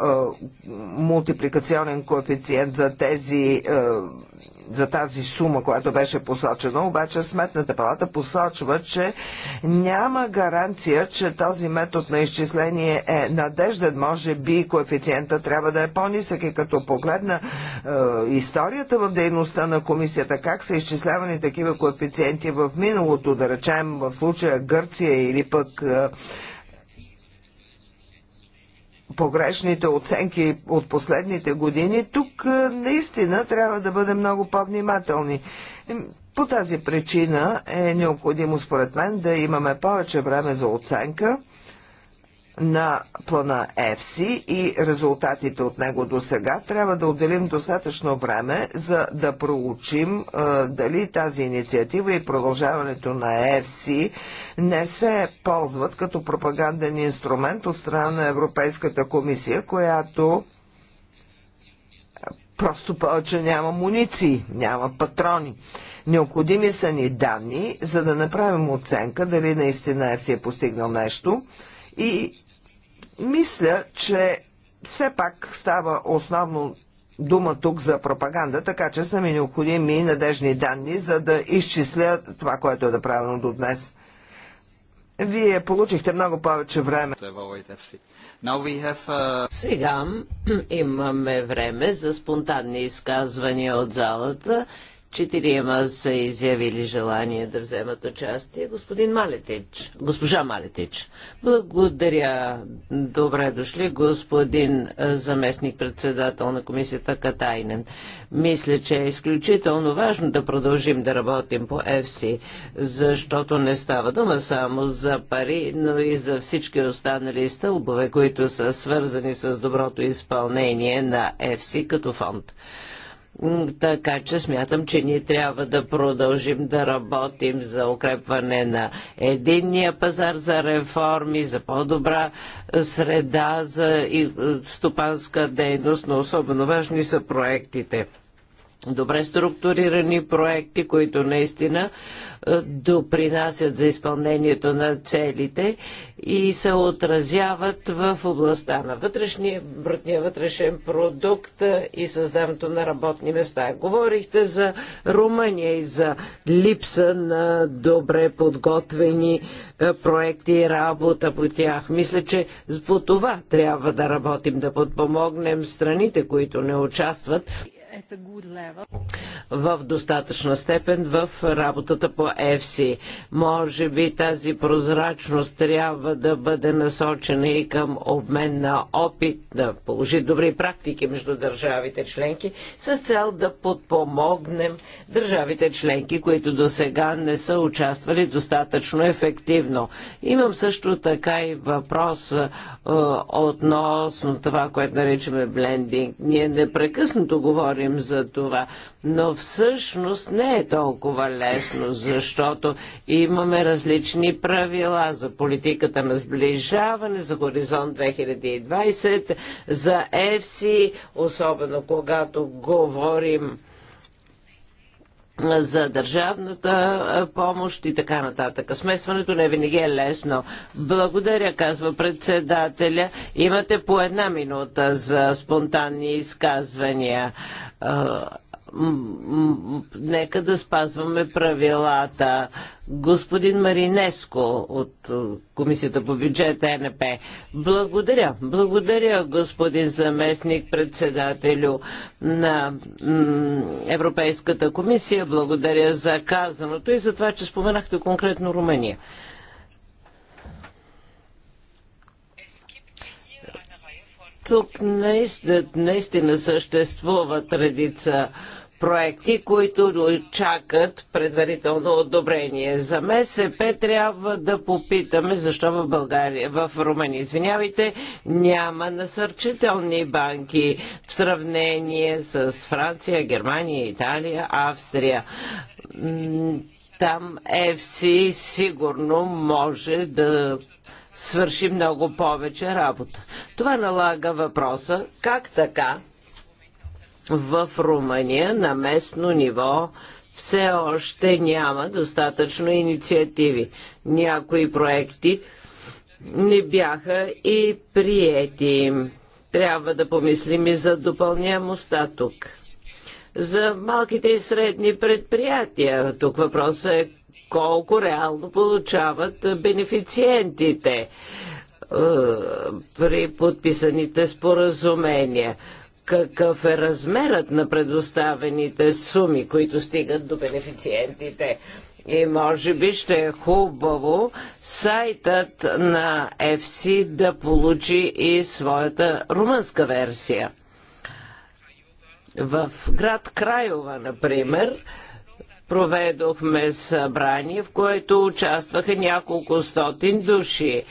е, мултипликационен коефициент за тези е, за тази сума, която беше посочена, обаче Сметната палата посочва, че няма гаранция, че този метод на изчисление е надежден. Може би коефициента трябва да е по-нисък и като погледна е, историята в дейността на комисията, как са изчислявани такива коефициенти в миналото, да речем в случая Гърция или пък е, погрешните оценки от последните години, тук наистина трябва да бъдем много по-внимателни. По тази причина е необходимо, според мен, да имаме повече време за оценка на плана ЕФСИ и резултатите от него до сега, трябва да отделим достатъчно време, за да проучим дали тази инициатива и продължаването на ЕФСИ не се ползват като пропаганден инструмент от страна на Европейската комисия, която Просто повече няма муниции, няма патрони. Необходими са ни данни, за да направим оценка дали наистина ЕФСИ е постигнал нещо – и мисля, че все пак става основно дума тук за пропаганда, така че са ми необходими и надежни данни, за да изчисля това, което е направено до днес. Вие получихте много повече време. Uh, Сега имаме време за спонтанни изказвания от залата Четирима са изявили желание да вземат участие. Господин Малетич, госпожа Малетич, благодаря. Добре дошли, господин е, заместник-председател на комисията Катайнен. Мисля, че е изключително важно да продължим да работим по ЕФСИ, защото не става дума само за пари, но и за всички останали стълбове, които са свързани с доброто изпълнение на ЕФСИ като фонд. Така че смятам, че ние трябва да продължим да работим за укрепване на единния пазар за реформи, за по-добра среда за е, стопанска дейност, но особено важни са проектите добре структурирани проекти, които наистина е, допринасят за изпълнението на целите и се отразяват в областта на вътрешния, брутния вътрешен продукт и създаването на работни места. Говорихте за Румъния и за липса на добре подготвени е, проекти и работа по тях. Мисля, че по това трябва да работим, да подпомогнем страните, които не участват в достатъчна степен в работата по ЕФСИ. Може би тази прозрачност трябва да бъде насочена и към обмен на опит, да положи добри практики между държавите членки, с цел да подпомогнем държавите членки, които до сега не са участвали достатъчно ефективно. Имам също така и въпрос е, относно това, което наричаме блендинг. Ние непрекъснато говорим говорим за това. Но всъщност не е толкова лесно, защото имаме различни правила за политиката на сближаване, за Хоризонт 2020, за ЕФСИ, особено когато говорим за държавната помощ и така нататък. Смесването не винаги е лесно. Благодаря, казва председателя. Имате по една минута за спонтанни изказвания нека да спазваме правилата. Господин Маринеско от е, Комисията по бюджет НП. Благодаря. Благодаря, господин заместник председателю на Европейската комисия. Благодаря за казаното и за това, че споменахте конкретно Румъния. Тук наистина, наистина съществува традиция проекти, които чакат предварително одобрение. За МСП трябва да попитаме защо в България, в Румъния, извинявайте, няма насърчителни банки в сравнение с Франция, Германия, Италия, Австрия там FC сигурно може да свърши много повече работа. Това налага въпроса как така в Румъния на местно ниво все още няма достатъчно инициативи. Някои проекти не бяха и приети. Трябва да помислим и за допълняемостта тук. За малките и средни предприятия, тук въпросът е колко реално получават бенефициентите е, при подписаните споразумения какъв е размерът на предоставените суми, които стигат до бенефициентите. И може би ще е хубаво сайтът на FC да получи и своята румънска версия. В град Крайова, например, проведохме събрание, в което участваха няколко стотин души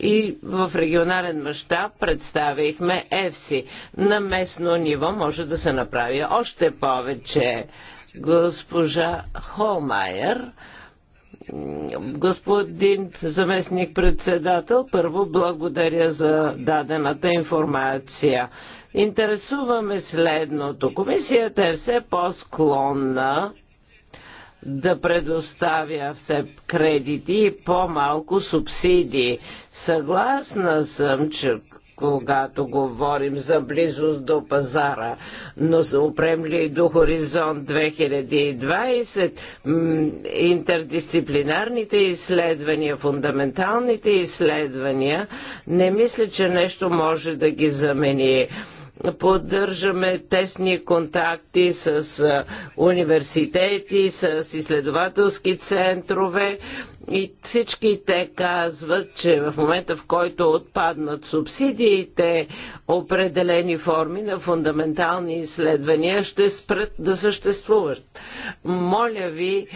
и в регионален мащаб представихме ЕФСИ. На местно ниво може да се направи още повече. Госпожа Холмайер, господин заместник председател, първо благодаря за дадената информация. Интересуваме следното. Комисията е все по-склонна да предоставя все кредити и по-малко субсидии. Съгласна съм, че когато говорим за близост до пазара, но за упремли до хоризонт 2020, интердисциплинарните изследвания, фундаменталните изследвания, не мисля, че нещо може да ги замени. Поддържаме тесни контакти с университети, с изследователски центрове и всички те казват, че в момента в който отпаднат субсидиите, определени форми на фундаментални изследвания ще спрат да съществуват. Моля ви,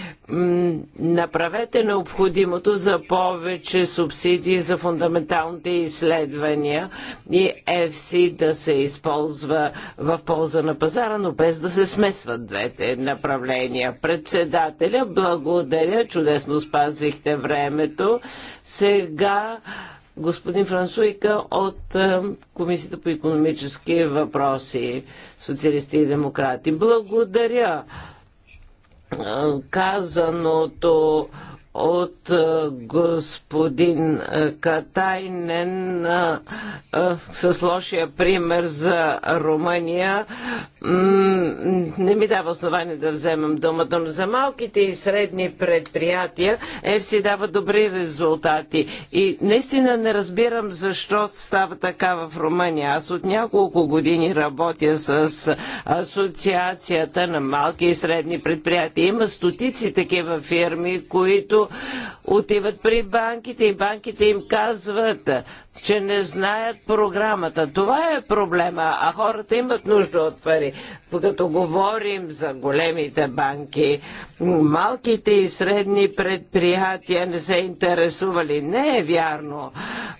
направете необходимото за повече субсидии за фундаменталните изследвания и EFSI да се използват ползва в полза на пазара, но без да се смесват двете направления. Председателя, благодаря, чудесно спазихте времето. Сега господин Франсуйка от е, Комисията по економически въпроси, социалисти и демократи. Благодаря е, казаното от господин Катайнен с лошия пример за Румъния не ми дава основание да вземам думата, но за малките и средни предприятия си дава добри резултати и наистина не разбирам защо става така в Румъния. Аз от няколко години работя с Асоциацията на малки и средни предприятия. Има стотици такива фирми, които отиват при банките и банките им казват, че не знаят програмата. Това е проблема, а хората имат нужда от пари. Като говорим за големите банки, малките и средни предприятия не се интересували. Не е вярно.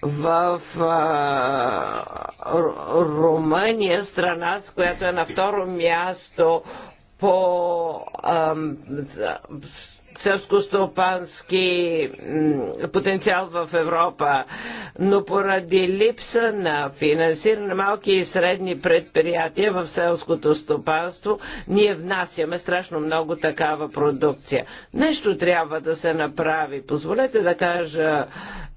В а, Румъния, страна, с която е на второ място по а, селскостопански потенциал в Европа, но поради липса на финансиране на малки и средни предприятия в селското стопанство, ние внасяме страшно много такава продукция. Нещо трябва да се направи. Позволете да кажа,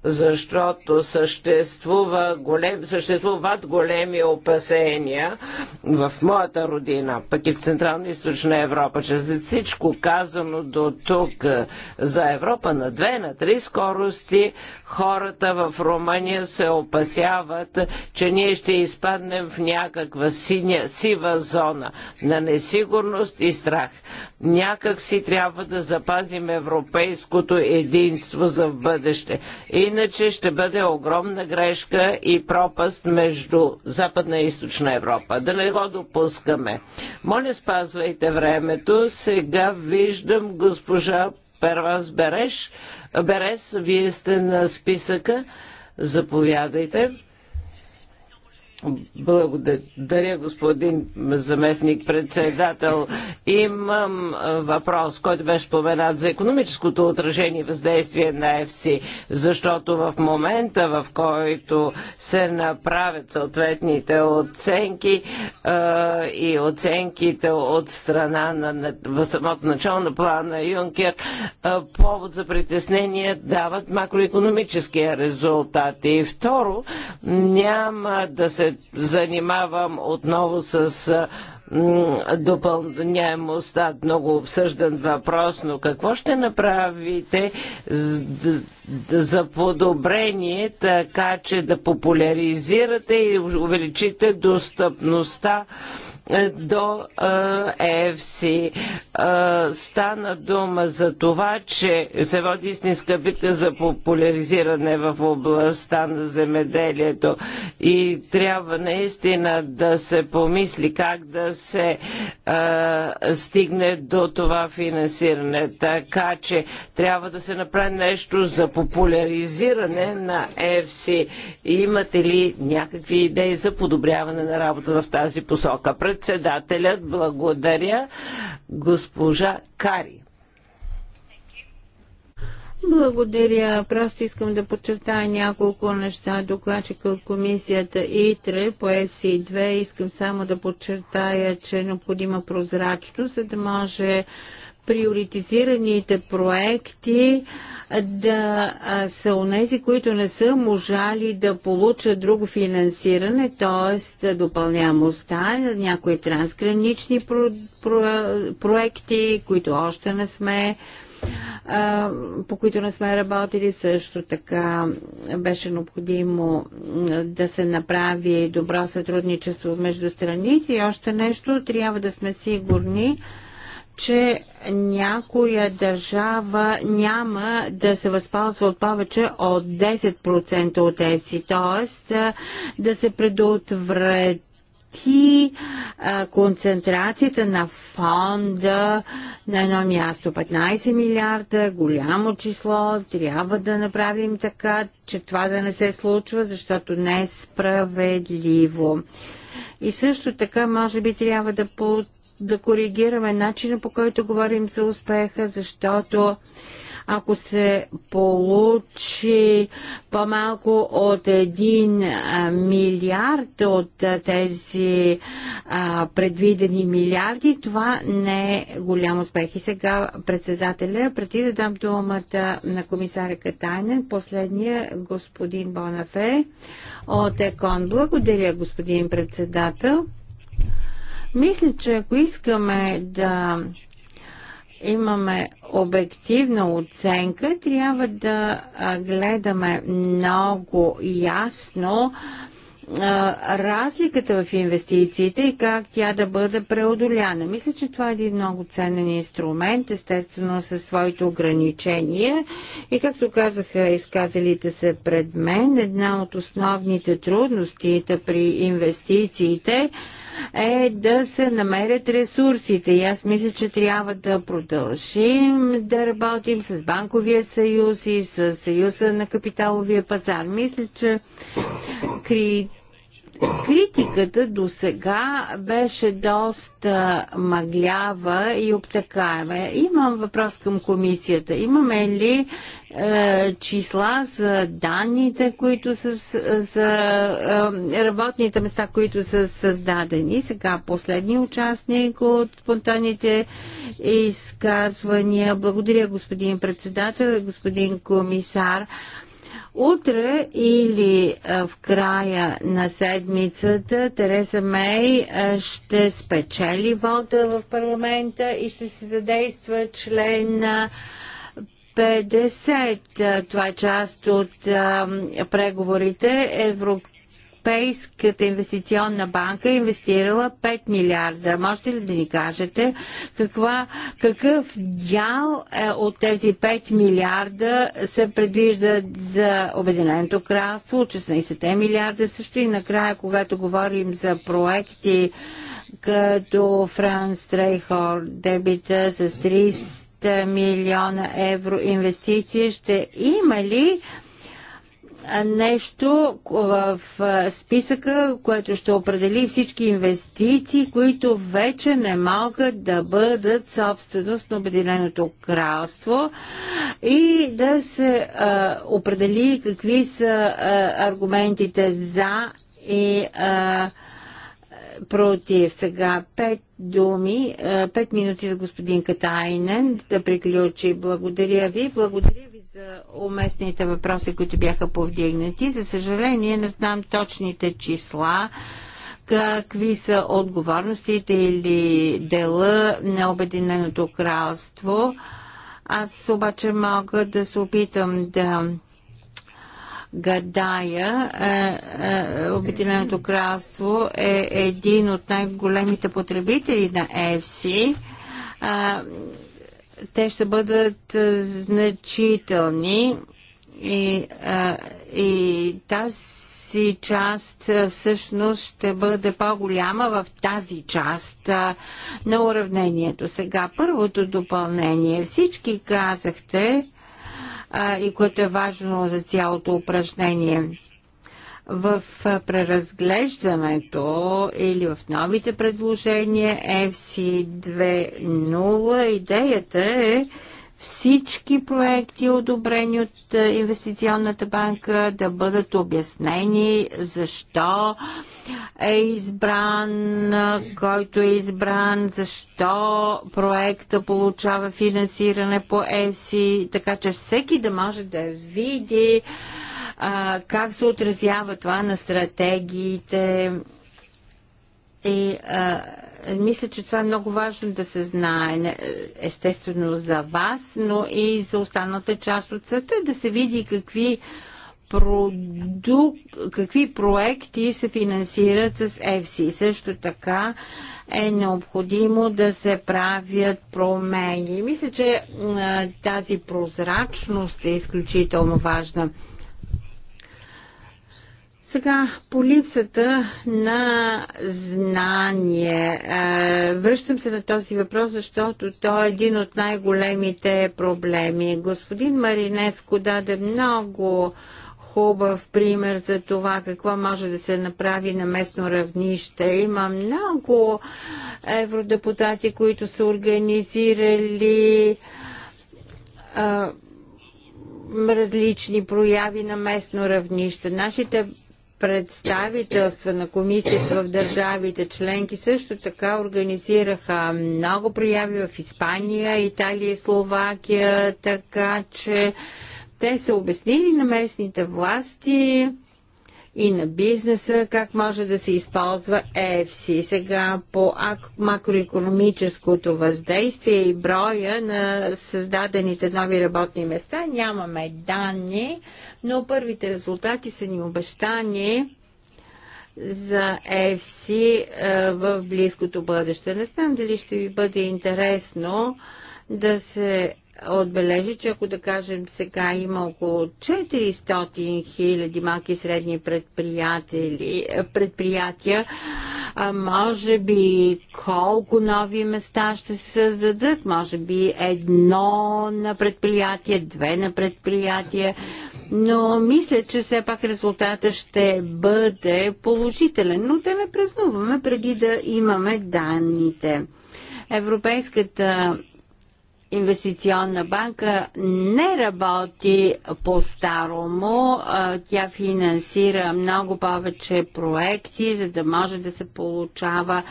защото съществува голем, съществуват големи опасения в моята родина, пък и в Централна и Източна Европа, че след всичко казано до тук, тук е, за Европа на две, на три скорости, хората в Румъния се опасяват, че ние ще изпаднем в някаква синя, сива зона на несигурност и страх. Някак си трябва да запазим европейското единство за в бъдеще. Иначе ще бъде огромна грешка и пропаст между Западна и Източна Европа. Да не го допускаме. Моля, спазвайте времето. Сега виждам госпожа Перваз Береш. Берес, вие сте на списъка. Заповядайте. Благодаря, господин заместник председател. Имам въпрос, който беше споменат за економическото отражение и въздействие на ЕФСИ, защото в момента, в който се направят съответните оценки е, и оценките от страна на, на в самото начало на плана Юнкер, е, повод за притеснение дават макроекономическия резултат. И второ, няма да се занимавам отново с допълняемостта, много обсъждан въпрос, но какво ще направите за подобрение, така че да популяризирате и увеличите достъпността е, до ЕФСИ. Е, стана дума за това, че се води истинска битка за популяризиране в областта на земеделието и трябва наистина да се помисли как да се е, стигне до това финансиране. Така че трябва да се направи нещо за популяризиране на EFC. Имате ли някакви идеи за подобряване на работа в тази посока? Председателят, благодаря госпожа Кари. Благодаря. Просто искам да подчертая няколко неща. Докладчика от комисията ИТРЕ по FC2. Искам само да подчертая, че е необходима прозрачност, за да може приоритизираните проекти да са онези, които не са можали да получат друго финансиране, т.е. допълнямостта, някои трансгранични про, про, проекти, които още не сме по които не сме работили. Също така беше необходимо да се направи добро сътрудничество между страните и още нещо трябва да сме сигурни, че някоя държава няма да се възползва от повече от 10% от ЕФСИ, т.е. да се предотврати концентрацията на фонда на едно място. 15 милиарда, голямо число, трябва да направим така, че това да не се случва, защото не е справедливо. И също така, може би, трябва да по да коригираме начина по който говорим за успеха, защото ако се получи по-малко от 1 милиард от тези а, предвидени милиарди, това не е голям успех. И сега председателя, преди да дам думата на комисаря Катайнен, последния господин Бонафе от ЕКОН. Благодаря, господин председател. Мисля, че ако искаме да имаме обективна оценка, трябва да гледаме много ясно разликата в инвестициите и как тя да бъде преодоляна. Мисля, че това е един много ценен инструмент, естествено със своите ограничения. И както казаха изказалите се пред мен, една от основните трудностите при инвестициите е е да се намерят ресурсите. И аз мисля, че трябва да продължим да работим с Банковия съюз и с Съюза на капиталовия пазар. Мисля, че кри Критиката до сега беше доста мъглява и обтекаема. Имам въпрос към комисията. Имаме ли е, числа за данните, които са за е, работните места, които са създадени? Сега последния участник от спонтанните изказвания. Благодаря, господин председател, господин комисар. Е, Утре или в края на седмицата Тереза Мей ще спечели вода в парламента и ще се задейства член на 50. Това е част от преговорите. Европ... Европейската инвестиционна банка е инвестирала 5 милиарда. Можете ли да ни кажете каква, какъв дял е, от тези 5 милиарда се предвиждат за Обединеното кралство, 16 милиарда също и накрая, когато говорим за проекти като Франс Трейхор, дебита с 30 милиона евро инвестиции, ще има ли нещо в списъка, което ще определи всички инвестиции, които вече не могат да бъдат собственост на Обединеното кралство и да се а, определи какви са а, аргументите за и а, против. Сега пет думи, пет минути за господин Катайнен да приключи. Благодаря ви. Благодаря ви за е, уместните въпроси, които бяха повдигнати. За съжаление, не знам точните числа какви са отговорностите или дела на Обединеното кралство. Аз обаче мога да се опитам да гадая. Е, е, Обединеното кралство е един от най-големите потребители на EFSI те ще бъдат значителни и, и тази част всъщност ще бъде по-голяма в тази част на уравнението. Сега първото допълнение. Всички казахте, и което е важно за цялото упражнение в преразглеждането или в новите предложения FC 2.0 идеята е всички проекти, одобрени от инвестиционната банка, да бъдат обяснени защо е избран, който е избран, защо проекта получава финансиране по ЕФСИ, така че всеки да може да види а, как се отразява това на стратегиите и а, мисля, че това е много важно да се знае, естествено за вас, но и за останалата част от света, да се види какви продук... какви проекти се финансират с EFSI. Също така е необходимо да се правят промени. Мисля, че тази прозрачност е изключително важна. Сега по липсата на знание. Е, връщам се на този въпрос, защото той е един от най-големите проблеми. Господин Маринеско даде много хубав пример за това какво може да се направи на местно равнище. Има много евродепутати, които са организирали е, различни прояви на местно равнище. Нашите представителства на комисията в държавите членки също така организираха много прояви в Испания, Италия и Словакия, така че те са обяснили на местните власти и на бизнеса, как може да се използва EFC. Сега по макроекономическото въздействие и броя на създадените нови работни места нямаме данни, но първите резултати са ни обещани за EFC е, в близкото бъдеще. Не знам дали ще ви бъде интересно да се отбележи, че ако да кажем сега има около 400 хиляди малки и средни е, предприятия, а може би колко нови места ще се създадат, може би едно на предприятие, две на предприятие, но мисля, че все пак резултата ще бъде положителен, но да не празнуваме преди да имаме данните. Европейската инвестиционна банка не работи по-старому. Тя финансира много повече проекти, за да може да се получава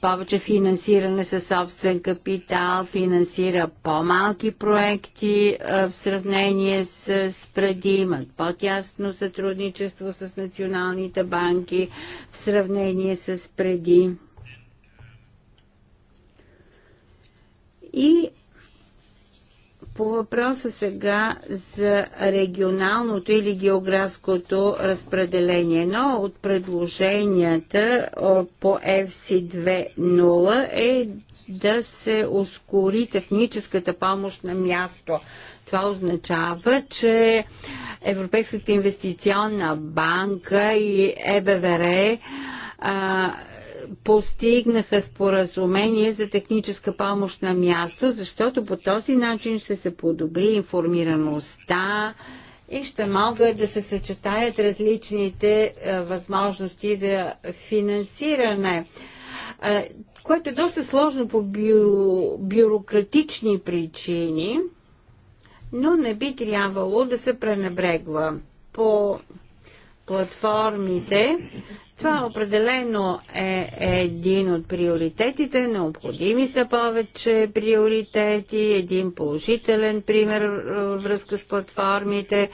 повече финансиране със собствен капитал, финансира по-малки проекти в сравнение с, с преди, имат по-тясно сътрудничество с националните банки в сравнение с преди. И по въпроса сега за регионалното или географското разпределение. Едно от предложенията по FC 2.0 е да се ускори техническата помощ на място. Това означава, че Европейската инвестиционна банка и ЕБВР а, постигнаха споразумение за техническа помощ на място, защото по този начин ще се подобри информираността и ще могат да се съчетаят различните а, е, възможности за финансиране, А, е, което е доста сложно по бю, бюрократични причини, но не би трябвало да се пренебрегва по платформите това определено е един от приоритетите. Необходими са повече приоритети. Един положителен пример връзка с платформите,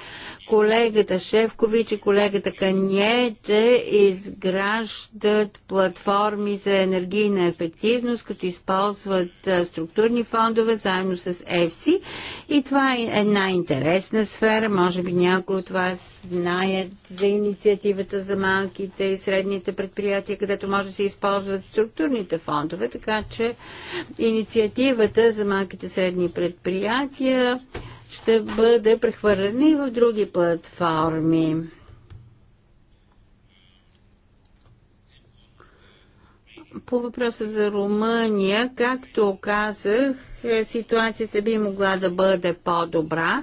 колегата Шевкович и колегата Каньете изграждат платформи за енергийна ефективност, като използват структурни фондове заедно с ЕФСИ. И това е една интересна сфера. Може би някои от вас знаят за инициативата за малките и средните предприятия, където може да се използват структурните фондове. Така че инициативата за малките и средни предприятия ще бъде прехвърлена и в други платформи. По въпроса за Румъния, както казах, ситуацията би могла да бъде по-добра,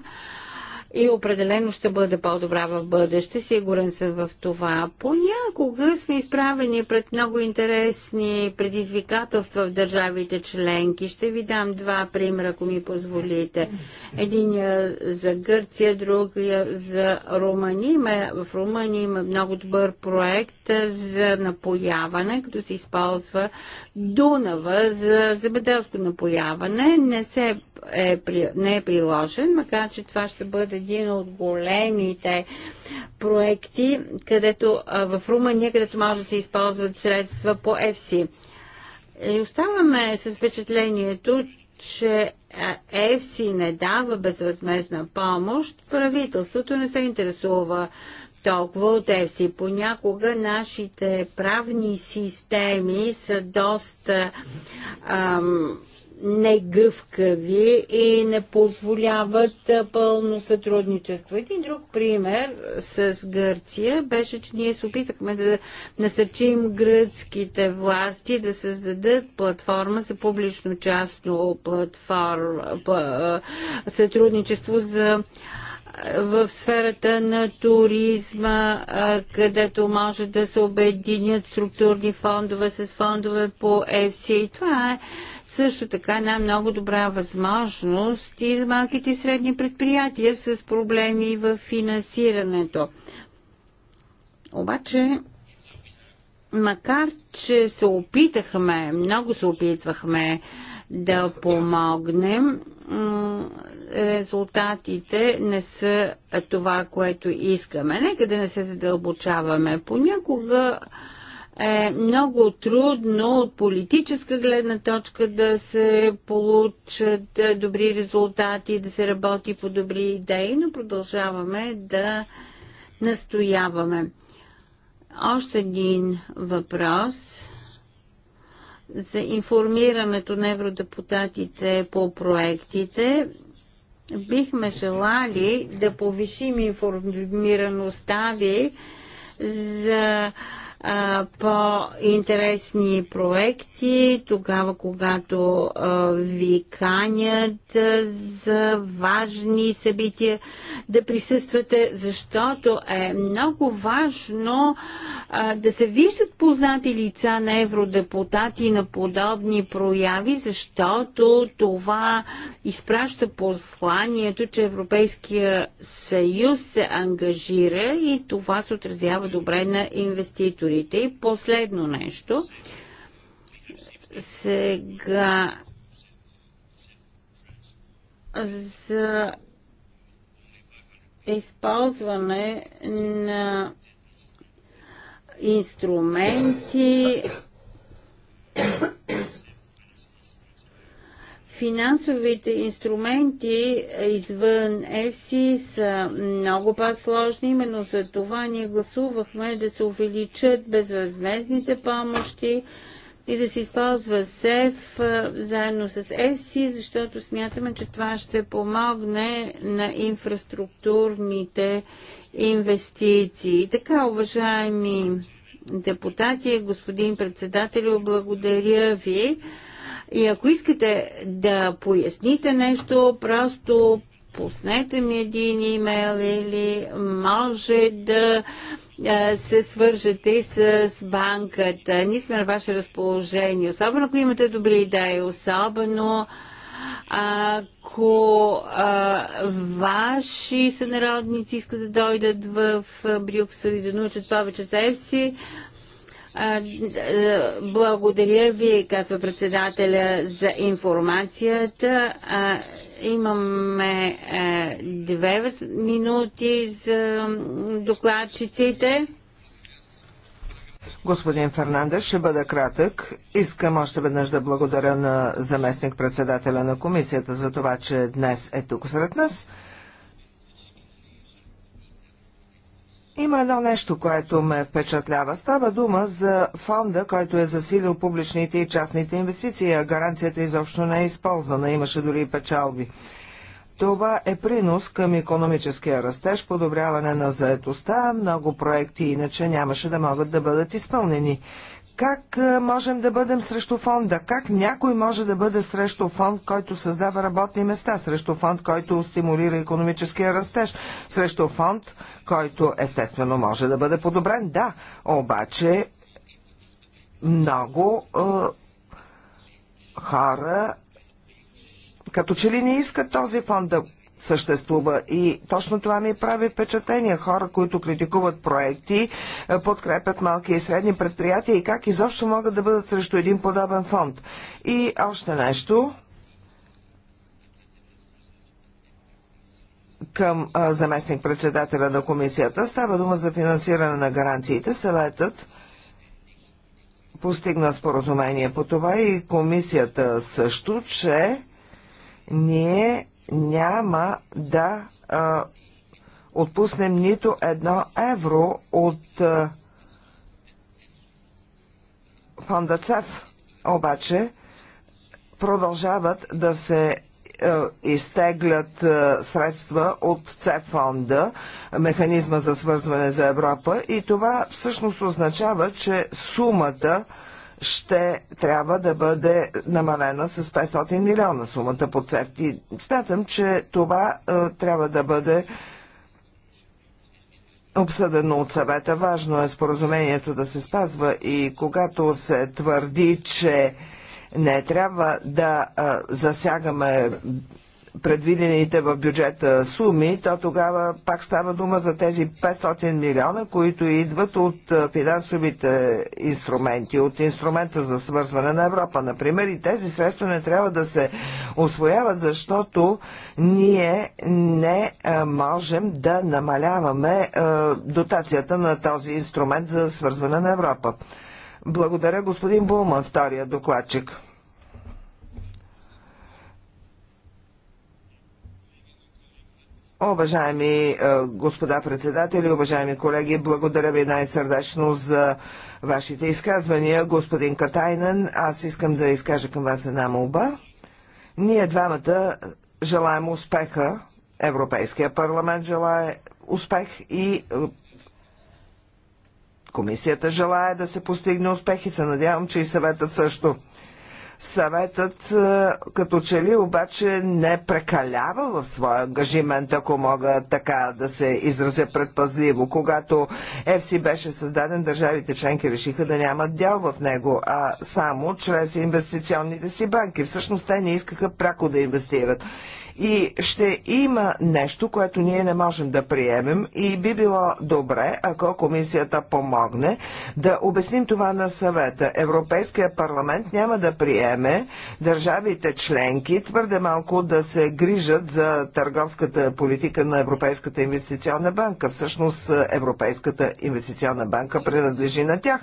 и определено ще бъде по-добра в бъдеще, сигурен съм в това. Понякога сме изправени пред много интересни предизвикателства в държавите членки. Ще ви дам два примера, ако ми позволите. Един е за Гърция, друг е за Румъния. в Румъния има много добър проект за напояване, като се използва Дунава за земеделско напояване. Не се е, не е приложен, макар че това ще бъде един от големите проекти, където в Румъния, където може да се използват средства по ЕФСИ. И оставаме с впечатлението, че ЕФСИ не дава безвъзмезна помощ, правителството не се интересува толкова от ЕФСИ. Понякога нашите правни системи са доста ам, негъвкави и не позволяват пълно сътрудничество. Един друг пример с Гърция беше, че ние се опитахме да насърчим гръцките власти да създадат платформа за публично-частно платформа, сътрудничество за в сферата на туризма, където може да се обединят структурни фондове с фондове по ЕФСИ. И това е също така една много добра възможност и за малките и средни предприятия с проблеми в финансирането. Обаче, макар че се опитахме, много се опитвахме да помогнем, резултатите не са това, което искаме. Нека да не се задълбочаваме. Понякога е много трудно от политическа гледна точка да се получат е, добри резултати, да се работи по добри идеи, но продължаваме да настояваме. Още един въпрос – за информирането на евродепутатите по проектите. Бихме желали да повишим информираността ви за по-интересни проекти, тогава когато а, ви канят а, за важни събития да присъствате, защото е много важно а, да се виждат познати лица на евродепутати на подобни прояви, защото това изпраща посланието, че Европейския съюз се ангажира и това се отразява добре на инвеститорите инвеститорите. И последно нещо. Сега за използване на инструменти Финансовите инструменти извън ЕФСИ са много по-сложни, именно за това ние гласувахме да се увеличат безвъзмезните помощи и да се използва СЕФ заедно с ЕФСИ, защото смятаме, че това ще помогне на инфраструктурните инвестиции. Така, уважаеми депутати, господин председател, благодаря ви. И ако искате да поясните нещо, просто пуснете ми един имейл или може да е, се свържете с банката. Ние сме на ваше разположение, особено ако имате добри идеи, особено ако а, ваши сънародници искат да дойдат в Брюксел и да научат повече за си, благодаря ви, казва председателя, за информацията. Имаме две минути за докладчиците. Господин Фернандес, ще бъда кратък. Искам още веднъж да благодаря на заместник председателя на комисията за това, че днес е тук сред нас. Има едно нещо, което ме впечатлява. Става дума за фонда, който е засилил публичните и частните инвестиции, а гаранцията изобщо не е използвана. Имаше дори и печалби. Това е принос към економическия растеж, подобряване на заетостта. Много проекти иначе нямаше да могат да бъдат изпълнени. Как можем да бъдем срещу фонда? Как някой може да бъде срещу фонд, който създава работни места, срещу фонд, който стимулира економическия растеж, срещу фонд, който естествено може да бъде подобрен? Да, обаче много е, хора като че ли не искат този фонд да съществува. И точно това ми прави впечатление. Хора, които критикуват проекти, е, подкрепят малки и средни предприятия и как изобщо могат да бъдат срещу един подобен фонд. И още нещо. към заместник-председателя на комисията. Става дума за финансиране на гаранциите. Съветът постигна споразумение по това и комисията също, че ние няма да а, отпуснем нито едно евро от а, фонда ЦЕФ. Обаче продължават да се изтеглят средства от ЦЕП фонда, механизма за свързване за Европа и това всъщност означава, че сумата ще трябва да бъде намалена с 500 милиона сумата по ЦЕФ. И смятам, че това а, е, трябва да бъде обсъдено от съвета. Важно е споразумението да се спазва и когато се твърди, че не трябва да а, е, засягаме предвидените в бюджета суми, то тогава пак става дума за тези 500 милиона, които идват от финансовите инструменти, от инструмента за свързване на Европа, например. И тези средства не трябва да се освояват, защото ние не можем да намаляваме дотацията на този инструмент за свързване на Европа. Благодаря, господин Булман, втория докладчик. Уважаеми е, господа председатели, уважаеми колеги, благодаря ви най-сърдечно за вашите изказвания. Господин Катайнен, аз искам да изкажа към вас една молба. Ние двамата желаем успеха, Европейския парламент желая успех и е, комисията желая да се постигне успех и се надявам, че и съветът също. Съветът е, като че ли обаче не прекалява в своя ангажимент, ако мога така да се изразя предпазливо. Когато ЕФСИ беше създаден, държавите членки решиха да нямат дял в него, а само чрез инвестиционните си банки. Всъщност те не искаха пряко да инвестират и ще има нещо, което ние не можем да приемем и би било добре, ако комисията помогне да обясним това на съвета. Европейския парламент няма да приеме държавите членки твърде малко да се грижат за търговската политика на Европейската инвестиционна банка. Всъщност Европейската инвестиционна банка принадлежи на тях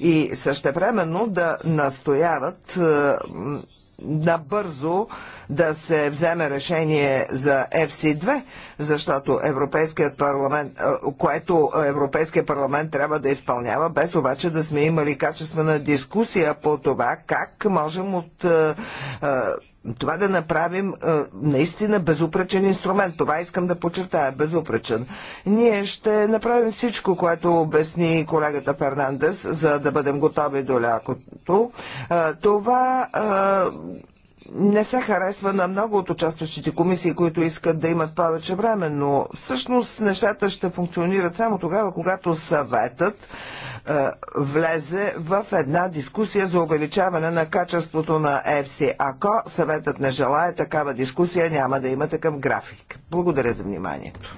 и същевременно да настояват набързо да се вземе решение за FC2, защото Европейският парламент, е, което Европейският парламент трябва да изпълнява, без обаче да сме имали качествена дискусия по това как можем от е, е, това да направим наистина безупречен инструмент. Това искам да подчертая, безупречен. Ние ще направим всичко, което обясни колегата Фернандес, за да бъдем готови до лякото. Това не се харесва на много от участващите комисии, които искат да имат повече време, но всъщност нещата ще функционират само тогава, когато съветът е, влезе в една дискусия за увеличаване на качеството на ФС. Ако съветът не желая такава дискусия, няма да има такъв график. Благодаря за вниманието.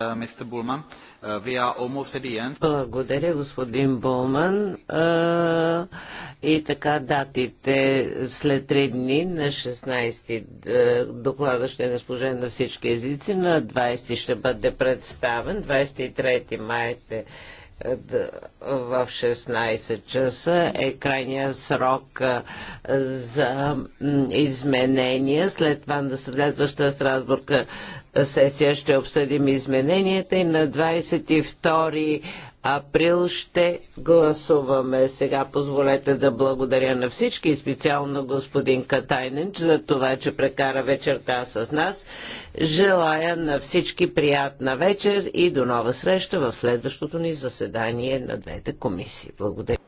Е, е, Благодаря, господин Булман. И така датите след три дни на 16 ти доклада ще е наслужен на всички езици, на 20 ти ще бъде представен, 23 май е в 16 часа е крайния срок за изменения. След това на следващата Страсбургска сесия ще обсъдим измененията и на 22 април ще гласуваме. Сега позволете да благодаря на всички и специално господин Катайненч за това, че прекара вечерта с нас. Желая на всички приятна вечер и до нова среща в следващото ни заседание на двете комисии. Благодаря.